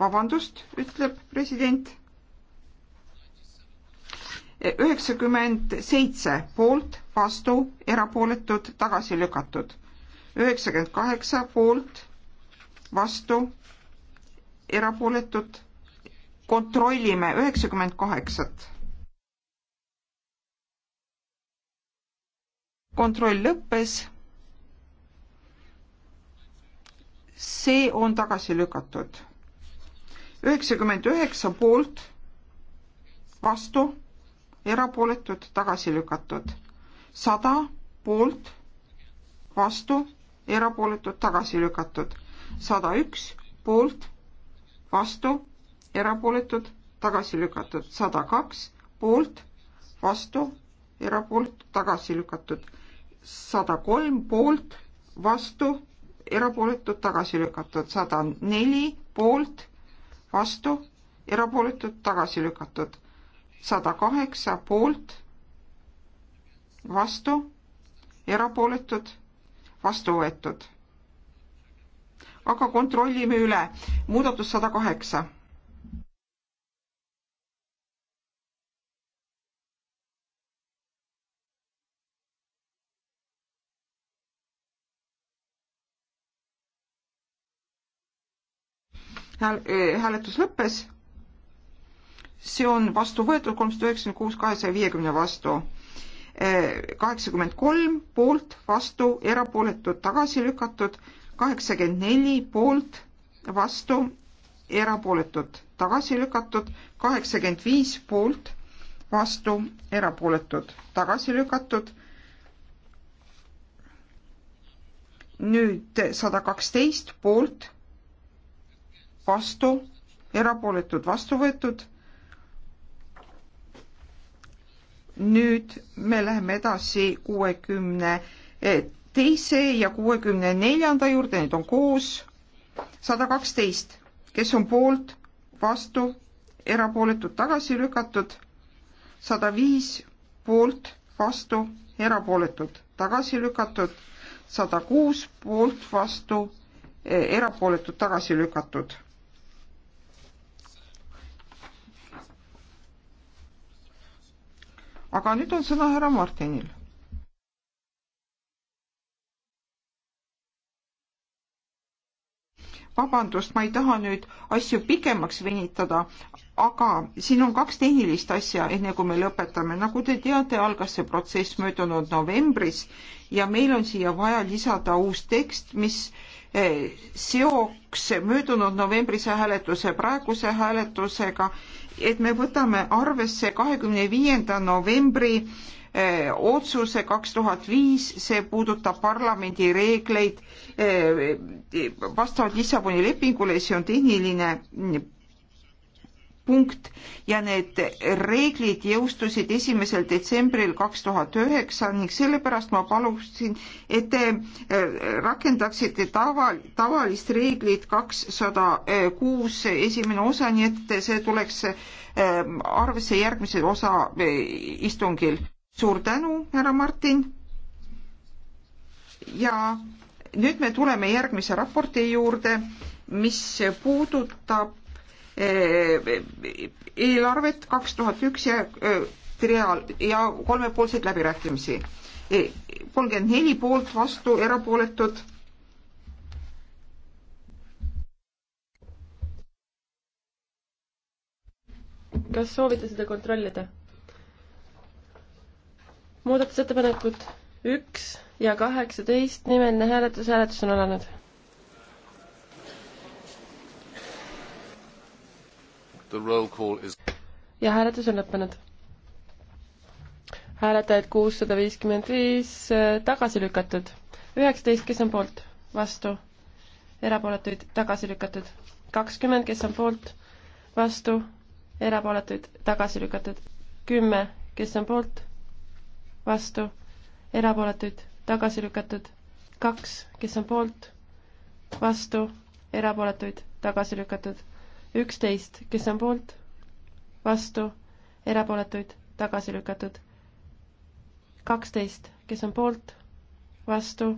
vabandust, ütleb president. üheksakümmend seitse poolt, vastu, erapooletud, tagasi lükatud. üheksakümmend kaheksa poolt, vastu, erapooletud, kontrollime üheksakümmend kaheksat kontroll lõppes. see on tagasi lükatud. üheksakümmend üheksa poolt, vastu, erapooletud, tagasi lükatud. sada poolt, vastu, erapooletud, tagasi lükatud. sada üks poolt, vastu, erapooletud, tagasi lükatud. sada kaks poolt, vastu, erapooletud, tagasi lükatud sada kolm poolt, vastu, erapooletud, tagasi lükatud, sada neli poolt, vastu, erapooletud, tagasi lükatud, sada kaheksa poolt, vastu, erapooletud, vastu võetud. aga kontrollime üle, muudatus sada kaheksa Äh, hääletus lõppes. see on vastu võetud kolmsada üheksakümmend kuus, kahesaja viiekümne vastu. Äh, kaheksakümmend kolm poolt, vastu, erapooletud, tagasi lükatud, kaheksakümmend neli poolt, vastu, erapooletud, tagasi lükatud, kaheksakümmend viis poolt, vastu, erapooletud, tagasi lükatud. nüüd sada kaksteist poolt vastu, erapooletud vastu võetud. nüüd me läheme edasi kuuekümne eh, teise ja kuuekümne neljanda juurde, need on koos sada kaksteist, kes on poolt, vastu, erapooletud, tagasi lükatud, sada viis poolt, vastu, erapooletud, tagasi lükatud, sada kuus poolt, vastu, eh, erapooletud, tagasi lükatud aga nüüd on sõna härra Martinil. vabandust, ma ei taha nüüd asju pikemaks venitada, aga siin on kaks tehnilist asja, enne kui me lõpetame. nagu te teate, algas see protsess möödunud novembris ja meil on siia vaja lisada uus tekst, mis eh, seoks möödunud novembrise hääletuse praeguse hääletusega et me võtame arvesse kahekümne viienda novembri eh, otsuse kaks tuhat viis, see puudutab parlamendi reegleid eh, vastavalt Lissaboni lepingule, see on tehniline punkt ja need reeglid jõustusid esimesel detsembril kaks tuhat üheksa ning sellepärast ma palusin, et te äh, rakendaksite tava, tavalist reeglit kakssada kuus esimene osa, nii et see tuleks äh, arvesse järgmise osa äh, istungil. suur tänu, härra Martin. ja nüüd me tuleme järgmise raporti juurde, mis puudutab eelarvet kaks tuhat üks ja triaal ja kolmepoolseid läbirääkimisi. E, kolmkümmend neli poolt, vastu, erapooletud. kas soovite seda kontrollida? muudatusettepanekud üks ja kaheksateist, nimeline hääletus, hääletus on alanud Is... ja hääletus on lõppenud. hääletajaid kuussada viiskümmend viis äh, tagasi lükatud, üheksateist, kes on poolt, vastu, erapooletuid tagasi lükatud, kakskümmend, kes on poolt, vastu, erapooletuid tagasi lükatud, kümme, kes on poolt, vastu, erapooletuid tagasi lükatud, kaks, kes on poolt, vastu, erapooletuid tagasi lükatud üksteist, kes on poolt, vastu, erapooletuid, tagasi lükatud. kaksteist, kes on poolt, vastu,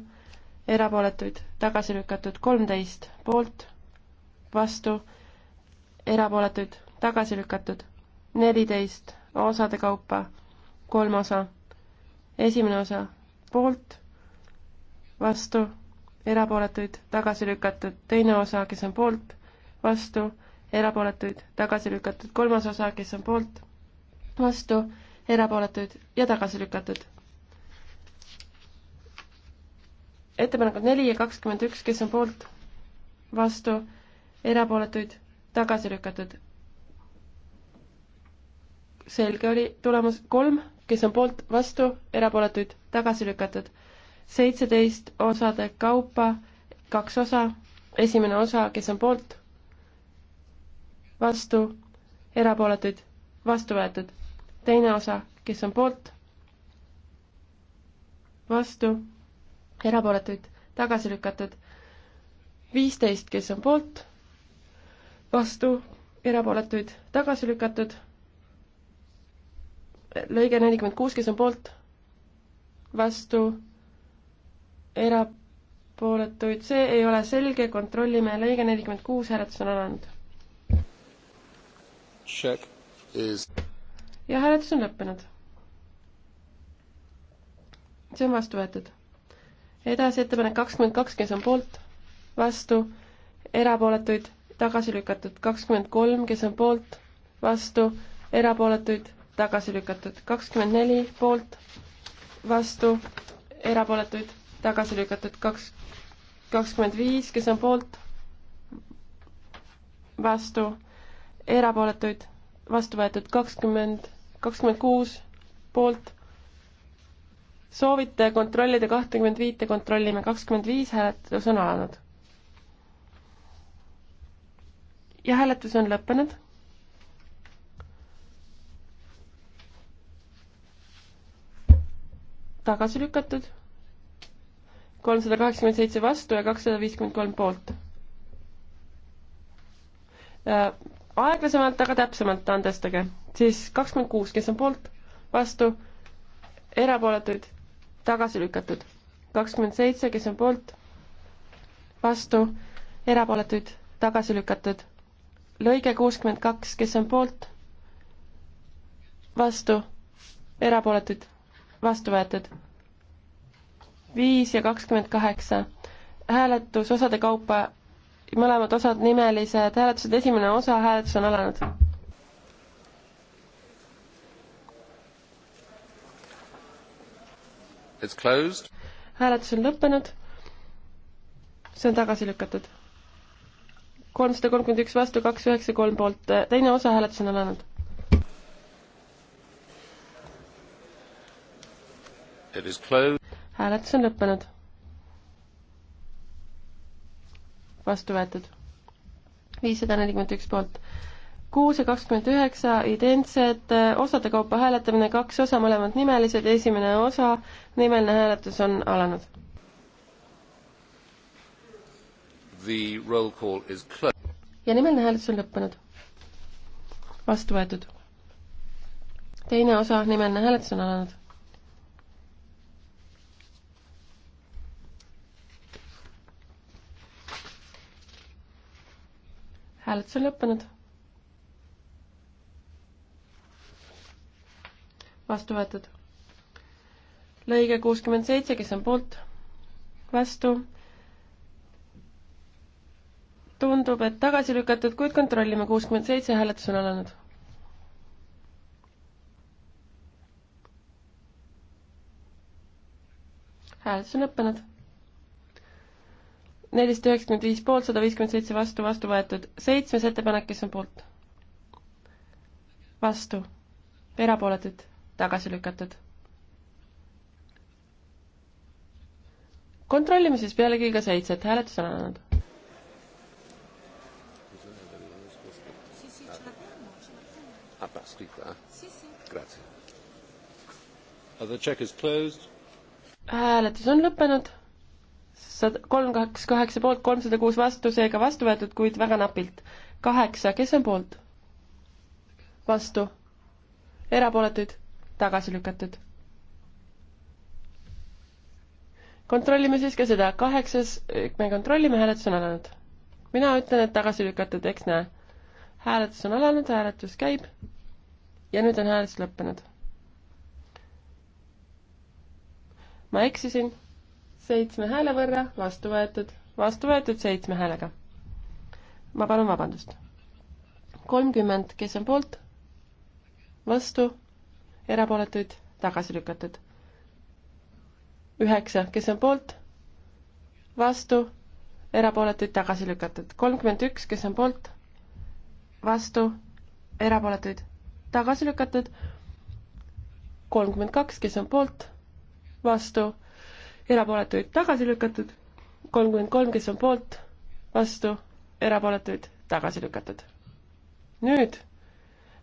erapooletuid, tagasi lükatud. kolmteist, poolt, vastu, erapooletuid, tagasi lükatud. neliteist, osade kaupa, kolm osa. esimene osa, poolt, vastu, erapooletuid, tagasi lükatud. teine osa, kes on poolt, vastu erapooletuid, tagasi lükatud. kolmas osa, kes on poolt, vastu, erapooletuid ja tagasi lükatud. ettepanekud neli ja kakskümmend üks, kes on poolt, vastu, erapooletuid, tagasi lükatud. selge oli tulemus kolm, kes on poolt, vastu, erapooletuid, tagasi lükatud. seitseteist osade kaupa, kaks osa, esimene osa, kes on poolt, vastu, erapooletuid, vastu võetud. teine osa, kes on poolt, vastu, erapooletuid, tagasi lükatud. viisteist, kes on poolt, vastu, erapooletuid, tagasi lükatud. lõige nelikümmend kuus, kes on poolt, vastu, erapooletuid, see ei ole selge, kontrollime, lõige nelikümmend kuus, hääletus on alanud Is... ja hääletus on lõppenud. see on vastu võetud. edasi ettepanek kakskümmend kaks, kes on poolt, vastu, erapooletuid, tagasi lükatud. kakskümmend kolm, kes on poolt, vastu, erapooletuid, tagasi lükatud. kakskümmend neli, poolt, vastu, erapooletuid, tagasi lükatud. kaks, kakskümmend viis, kes on poolt, vastu erapooletuid, vastu võetud kakskümmend, kakskümmend kuus poolt. soovite kontrollida kahtekümmend viite, kontrollime kakskümmend viis, hääletus on alanud. ja hääletus on lõppenud. tagasi lükatud, kolmsada kaheksakümmend seitse vastu ja kakssada viiskümmend kolm poolt äh, aeglasemalt, aga täpsemalt, andestage. siis kakskümmend kuus, kes on poolt, vastu, erapooletuid, tagasi lükatud. kakskümmend seitse, kes on poolt, vastu, erapooletuid, tagasi lükatud. lõige kuuskümmend kaks, kes on poolt, vastu, erapooletuid, vastu võetud. viis ja kakskümmend kaheksa hääletus osade kaupa mõlemad osad nimelised hääletused, esimene osa, hääletus on alanud. hääletus on lõppenud. see on tagasi lükatud. kolmsada kolmkümmend üks vastu, kaks üheksa kolm poolt, teine osa hääletus on alanud. hääletus on lõppenud vastu võetud. viissada nelikümmend üks poolt. kuus ja kakskümmend üheksa identsed, osade kaupa hääletamine, kaks osa, mõlemad nimelised, esimene osa, nimeline hääletus on alanud. ja nimeline hääletus on lõppenud. vastu võetud. teine osa, nimeline hääletus on alanud hääletus on lõppenud. vastu võetud. lõige kuuskümmend seitse, kes on poolt, vastu. tundub, et tagasi lükatud, kuid kontrollime, kuuskümmend seitse, hääletus on alanud. hääletus on lõppenud nelisada üheksakümmend viis poolt, sada viiskümmend seitse vastu, vastu võetud. seitsmes ettepanek, kes on poolt? vastu. erapooletud, tagasi lükatud. kontrollime siis pealegi ka seitset, hääletus on alanud. Ah, ah. hääletus on lõppenud sada, kolm, kaks, kaheksa poolt, kolmsada kuus vastu, seega vastu võetud, kuid väga napilt. kaheksa, kes on poolt? vastu. erapooletuid? tagasi lükatud. kontrollime siis ka seda, kaheksas, eh, me kontrollime, hääletus on alanud. mina ütlen, et tagasi lükatud, eks näe. hääletus on alanud, hääletus käib ja nüüd on hääletus lõppenud. ma eksisin seitsme hääle võrra vastu võetud, vastu võetud seitsme häälega. ma palun vabandust. kolmkümmend, kes on poolt, vastu, erapooletuid, tagasi lükatud. üheksa, kes on poolt, vastu, erapooletuid, tagasi lükatud. kolmkümmend üks, kes on poolt, vastu, erapooletuid, tagasi lükatud. kolmkümmend kaks, kes on poolt, vastu erapooletuid tagasi lükatud, kolmkümmend kolm, kes on poolt, vastu, erapooletuid tagasi lükatud. nüüd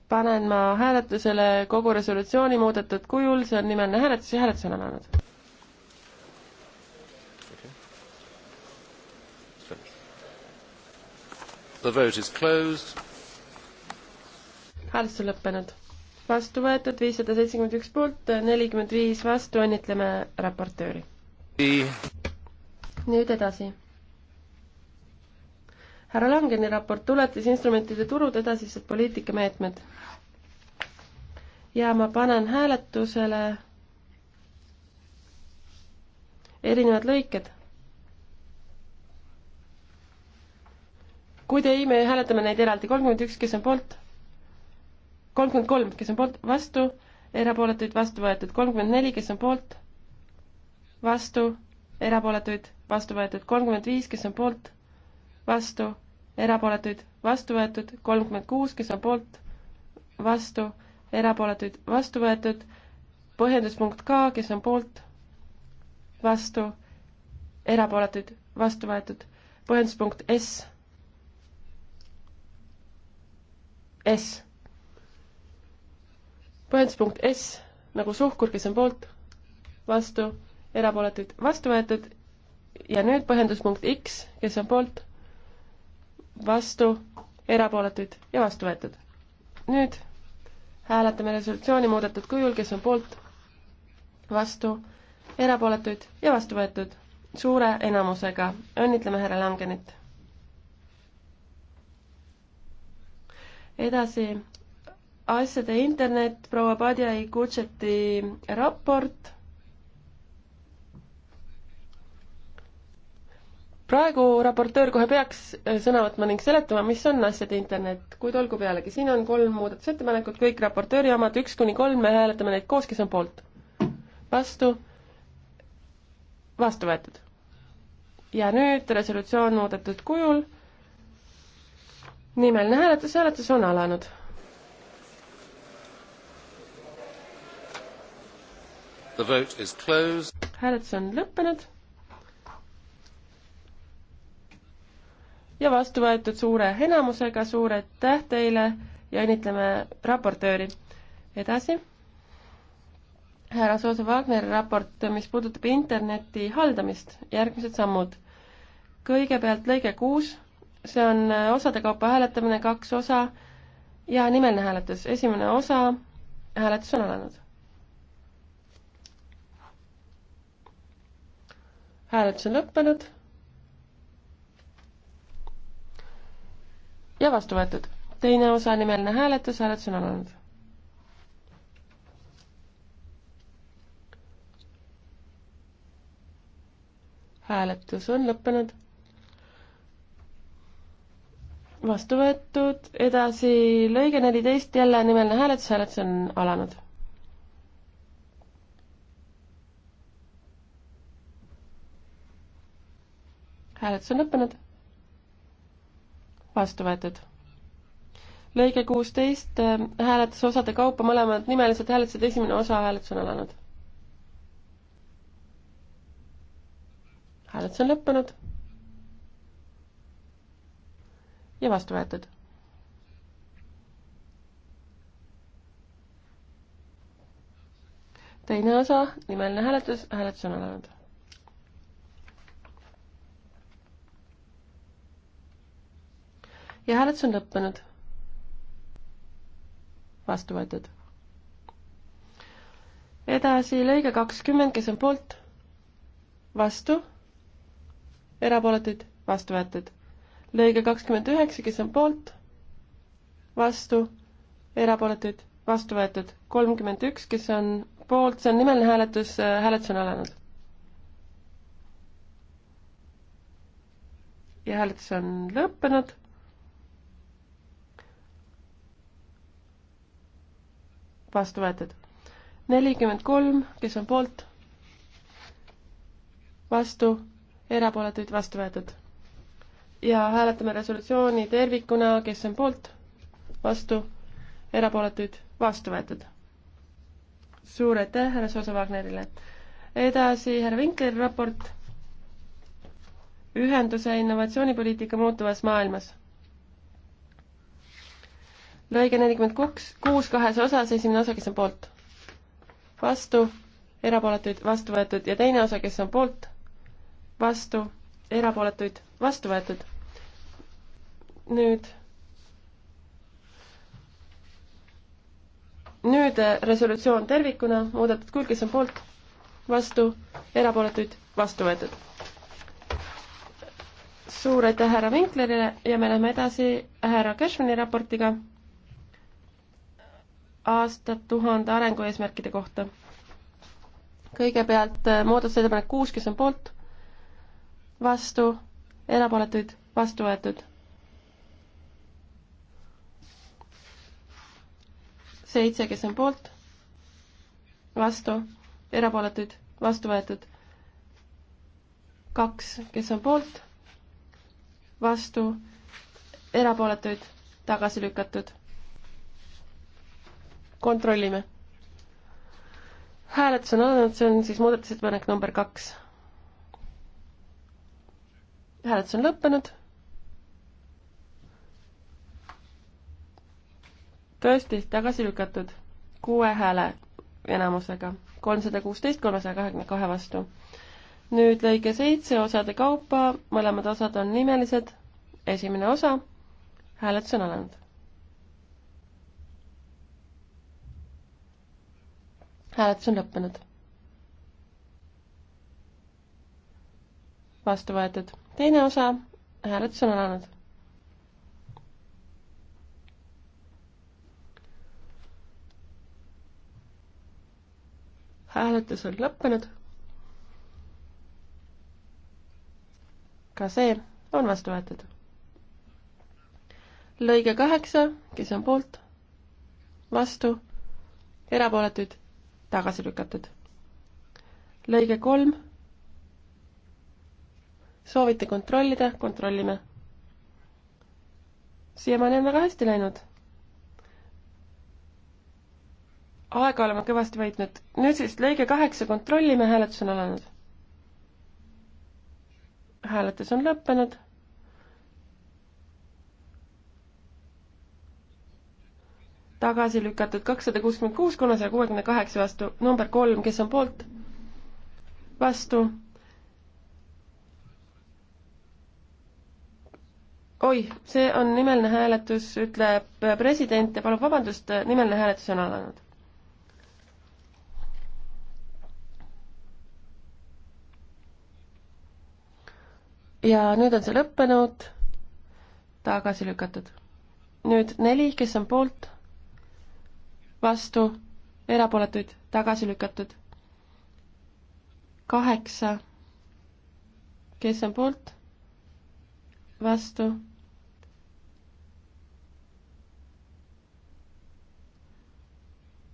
panen ma hääletusele kogu resolutsiooni muudetud kujul, see on nimeline hääletus ja hääletus on alanud. The vote is closed. hääletus on lõppenud. vastu võetud viissada seitsekümmend üks poolt, nelikümmend viis vastu, õnnitleme raportööri nüüd edasi. härra Langeni raport tuletisinstrumentide turud edasised poliitikameetmed. ja ma panen hääletusele erinevad lõiked. kui te ei, me hääletame neid eraldi, kolmkümmend üks, kes on poolt, kolmkümmend kolm, kes on poolt, vastu, erapooletuid vastu võetud, kolmkümmend neli, kes on poolt vastu, erapooletuid, vastu võetud kolmkümmend viis, kes on poolt, vastu, erapooletuid, vastu võetud kolmkümmend kuus, kes on poolt, vastu, erapooletuid, vastu võetud, põhjenduspunkt K, kes on poolt, vastu, erapooletuid, vastu võetud, põhjenduspunkt S S. põhjenduspunkt S nagu suhkur, kes on poolt, vastu, erapooletuid vastu võetud ja nüüd põhjenduspunkt X, kes on poolt, vastu, erapooletuid ja vastu võetud. nüüd hääletame resolutsiooni muudetud kujul, kes on poolt, vastu, erapooletuid ja vastu võetud suure enamusega. õnnitleme härra Langenit. edasi asjade internet, proua Padjai Kutšeti raport praegu raportöör kohe peaks äh, sõna võtma ning seletama, mis on asjade internet, kuid olgu pealegi, siin on kolm muudatusettepanekut, kõik raportööri omad, üks kuni kolm, me hääletame neid koos, kes on poolt. vastu, vastu võetud. ja nüüd resolutsioon muudetud kujul. nimeline hääletus, hääletus on alanud. hääletus on lõppenud ja vastu võetud suure enamusega, suur aitäh teile ja õnnitleme raportööri. edasi, härra Soose Wagneri raport, mis puudutab interneti haldamist, järgmised sammud. kõigepealt lõige kuus, see on osade kaupa hääletamine, kaks osa ja nimeline hääletus, esimene osa, hääletus on alanud. hääletus on lõppenud ja vastu võetud. teine osa nimeline hääletus, hääletus on alanud. hääletus on lõppenud. vastu võetud, edasi lõige neliteist, jälle nimeline hääletus, hääletus on alanud hääletus on lõppenud vastu võetud. lõige kuusteist, äh, hääletus osade kaupa, mõlemad nimelised hääletused, esimene osa hääletus on alanud. hääletus on lõppenud. ja vastu võetud. teine osa, nimeline hääletus, hääletus on alanud ja hääletus on lõppenud. vastu võetud. edasi lõige kakskümmend, kes on poolt? vastu? erapooletuid? vastu võetud. lõige kakskümmend üheksa, kes on poolt? vastu? erapooletuid? vastu võetud. kolmkümmend üks, kes on poolt, see on nimeline hääletus, hääletus on alanud. ja hääletus on lõppenud vastu võetud. nelikümmend kolm, kes on poolt, vastu, erapooletuid vastu võetud. ja hääletame resolutsiooni tervikuna, kes on poolt, vastu, erapooletuid vastu võetud. suur aitäh härra Soosa Wagnerile. edasi härra Vinkleri raport ühenduse innovatsioonipoliitika muutuvas maailmas lõige nelikümmend kaks, kuus kahes osas, esimene osa, kes on poolt, vastu, erapooletuid, vastu võetud ja teine osa, kes on poolt, vastu, erapooletuid, vastu võetud. nüüd nüüd äh, resolutsioon tervikuna muudetud kujul, kes on poolt, vastu, erapooletuid, vastu võetud. suur aitäh härra Vinklerile ja me läheme edasi härra Cashmani raportiga aastatuhande arengueesmärkide kohta. kõigepealt äh, muudatusettepanek kuus, kes on poolt, vastu, erapooletuid, vastu võetud. seitse, kes on poolt, vastu, erapooletuid, vastu võetud. kaks, kes on poolt, vastu, erapooletuid, tagasi lükatud kontrollime. hääletus on alanud, see on siis muudatusettepanek number kaks. hääletus on lõppenud. tõesti, tagasi lükatud kuue hääle enamusega, kolmsada kuusteist kolmesaja kahekümne kahe vastu. nüüd lõige seitse osade kaupa, mõlemad osad on nimelised, esimene osa, hääletus on alanud hääletus on lõppenud. vastu võetud. teine osa, hääletus on alanud. hääletus on lõppenud. ka see on vastu võetud. lõige kaheksa, kes on poolt, vastu, erapooletuid tagasi lükatud. lõige kolm. soovite kontrollida, kontrollime. siiamaani on väga hästi läinud. aega oleme kõvasti võitnud. nüüd siis lõige kaheksa, kontrollime, hääletus on alanud. hääletus on lõppenud tagasi lükatud kakssada kuuskümmend kuus koma saja kuuekümne kaheksa vastu, number kolm, kes on poolt, vastu. oi, see on nimeline hääletus, ütleb president ja palub vabandust, nimeline hääletus on alanud. ja nüüd on see lõppenud, tagasi lükatud. nüüd neli, kes on poolt vastu, erapooletuid tagasi lükatud. kaheksa, kes on poolt, vastu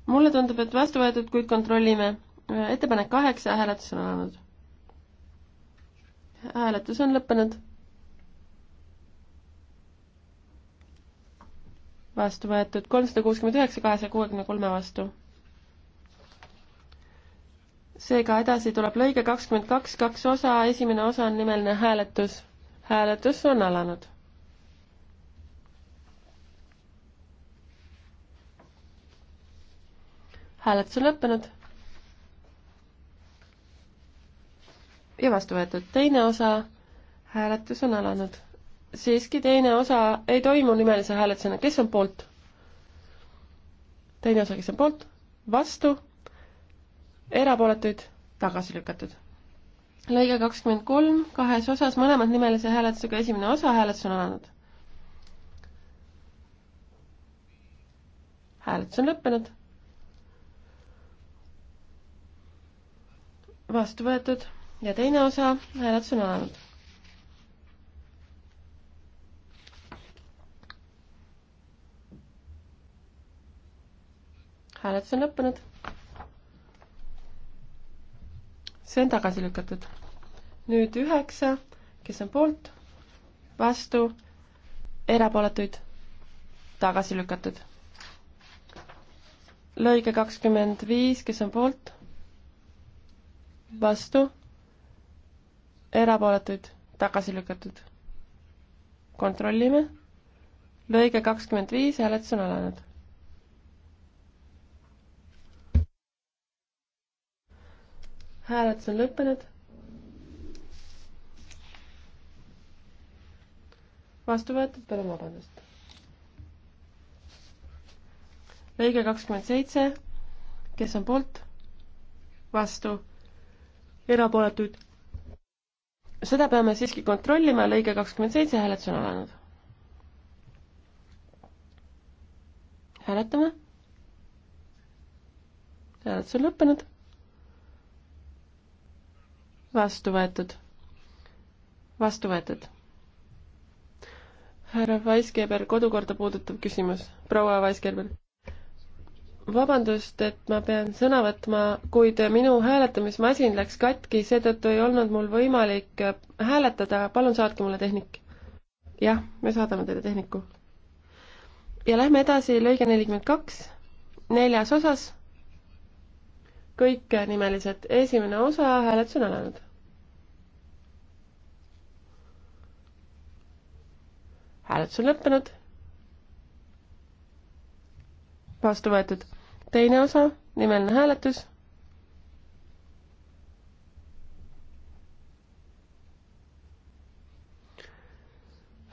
mulle tundub, et vastu võetud, kuid kontrollime. Äh, ettepanek kaheksa, hääletus on alanud. hääletus on lõppenud vastu võetud, kolmsada kuuskümmend üheksa kahesaja kuuekümne kolme vastu. seega edasi tuleb lõige kakskümmend kaks, kaks osa, esimene osa on nimeline hääletus. hääletus on alanud. hääletus on lõppenud. ja vastu võetud teine osa, hääletus on alanud siiski teine osa ei toimu nimelise hääletusena, kes on poolt? teine osa, kes on poolt, vastu, erapooletuid, tagasi lükatud. lõige kakskümmend kolm, kahes osas, mõlemad nimelise hääletusega, esimene osa, hääletus on alanud. hääletus on lõppenud. vastu võetud ja teine osa, hääletus on alanud hääletus on lõppenud. see on tagasi lükatud. nüüd üheksa, kes on poolt, vastu, erapooletuid, tagasi lükatud. lõige kakskümmend viis, kes on poolt, vastu, erapooletuid, tagasi lükatud kontrollime. lõige kakskümmend viis, hääletus on alanud. hääletus on lõppenud. vastu võetud, palun vabandust. lõige kakskümmend seitse, kes on poolt, vastu, erapooletuid. seda peame siiski kontrollima, lõige kakskümmend seitse, hääletus on alanud. hääletame. hääletus on lõppenud vastu võetud, vastu võetud. härra Weisgeber, kodukorda puudutav küsimus, proua Weisgeber vabandust, et ma pean sõna võtma, kuid minu hääletamismasin läks katki, seetõttu ei olnud mul võimalik hääletada. palun saatke mulle tehnik. jah, me saadame teile tehniku. ja lähme edasi, lõige nelikümmend kaks, neljas osas kõik nimelised. esimene osa, hääletus on alanud. hääletus on lõppenud. vastu võetud. teine osa, nimeline hääletus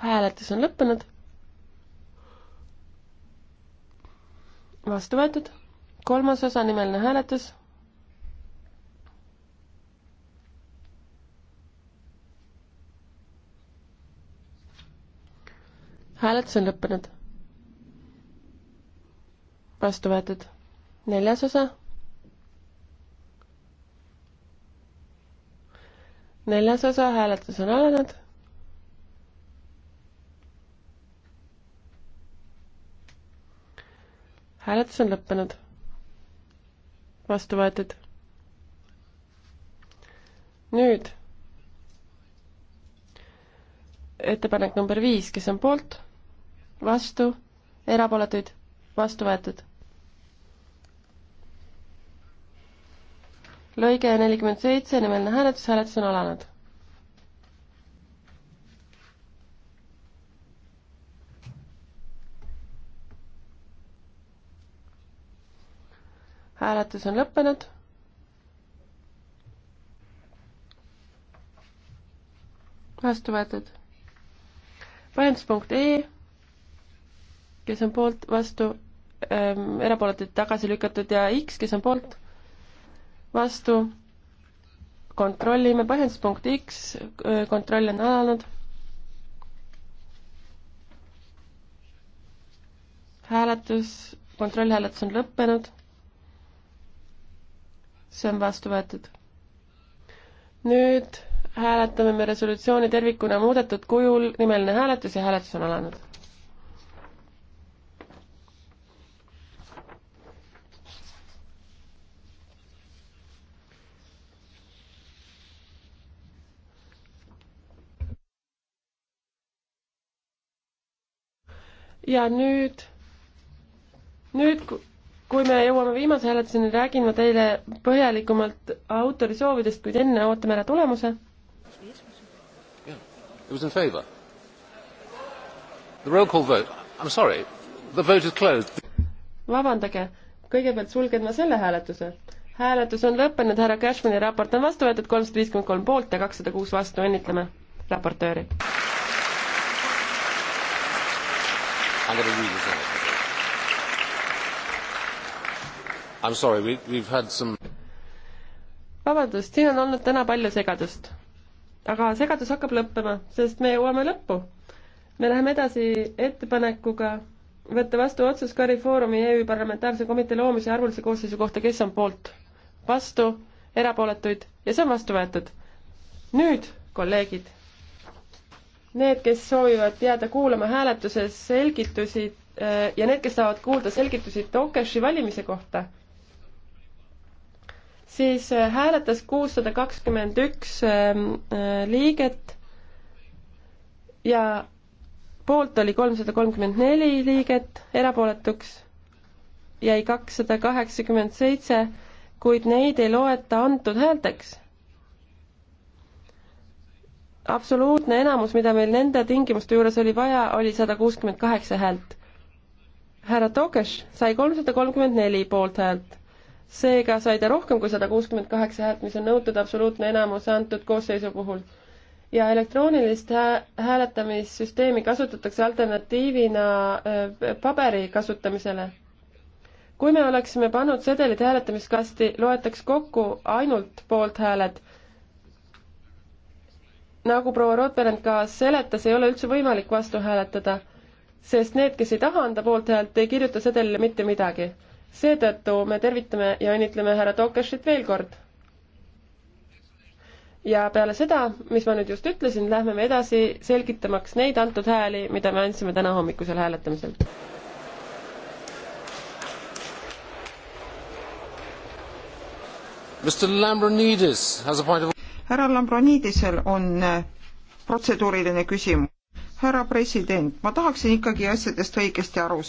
hääletus on lõppenud. vastu võetud. kolmas osanimeline hääletus. hääletus on lõppenud. vastu võetud. neljas osa. neljas osa, hääletus on alanud. hääletus on lõppenud. vastu võetud. nüüd ettepanek number viis, kes on poolt? vastu, erapooletuid, vastu võetud. lõige nelikümmend seitse, nimeline hääletus, hääletus on alanud. hääletus on lõppenud vastu võetud. põhjenduspunkt E kes on poolt, vastu ähm,, erapooletuid tagasi lükatud ja X, kes on poolt, vastu, kontrollime põhjenduspunkt X, äh, kontroll on alanud. hääletus, kontrollhääletus on lõppenud. see on vastu võetud. nüüd hääletame me resolutsiooni tervikuna muudetud kujul, nimeline hääletus ja hääletus on alanud. ja nüüd, nüüd kui me jõuame viimase hääletuseni, räägin ma teile põhjalikumalt autori soovidest, kuid enne ootame ära tulemuse. It was in favour. The roll call vote, I am sorry, the vote is closed. vabandage, kõigepealt sulgen ma selle hääletuse. hääletus on lõppenud, härra Cashmani raport on vastu võetud, kolmsada viiskümmend kolm poolt ja kakssada kuus vastu, õnnitleme raportööri Some... vabandust, siin on olnud täna palju segadust. aga segadus hakkab lõppema, sest me jõuame lõppu. me läheme edasi ettepanekuga võtta vastu otsus Kari Foorumi EÜ parlamentaarse komitee loomise arvulise koosseisu kohta, kes on poolt, vastu, erapooletuid ja see on vastu võetud. nüüd, kolleegid Need, kes soovivad jääda kuulama hääletuses selgitusi äh, ja need, kes tahavad kuulda selgitusi Tokeshi valimise kohta, siis äh, hääletas kuussada kakskümmend üks ähm, äh, liiget ja poolt oli kolmsada kolmkümmend neli liiget, erapooletuks jäi kakssada kaheksakümmend seitse, kuid neid ei loeta antud häälteks absoluutne enamus, mida meil nende tingimuste juures oli vaja, oli sada kuuskümmend kaheksa häält. härra Tokes sai kolmsada kolmkümmend neli poolthäält. seega sai ta rohkem kui sada kuuskümmend kaheksa häält, mis on nõutud absoluutne enamus antud koosseisu puhul ja elektroonilist hää hääletamissüsteemi kasutatakse alternatiivina äh, paberi kasutamisele. kui me oleksime pannud sedelid hääletamiskasti, loetaks kokku ainult poolthääled nagu proua Rotberend ka seletas, ei ole üldse võimalik vastu hääletada, sest need, kes ei taha anda poolthäält, ei kirjuta sedelile mitte midagi. seetõttu me tervitame ja õnnitleme härra Tokešit veel kord. ja peale seda, mis ma nüüd just ütlesin, lähme me edasi selgitamaks neid antud hääli, mida me andsime täna hommikusel hääletamisel. Mr Lambronidis has a point of härra Lambronidisel on äh, protseduuriline küsimus. härra president, ma tahaksin ikkagi asjadest õigesti aru saada.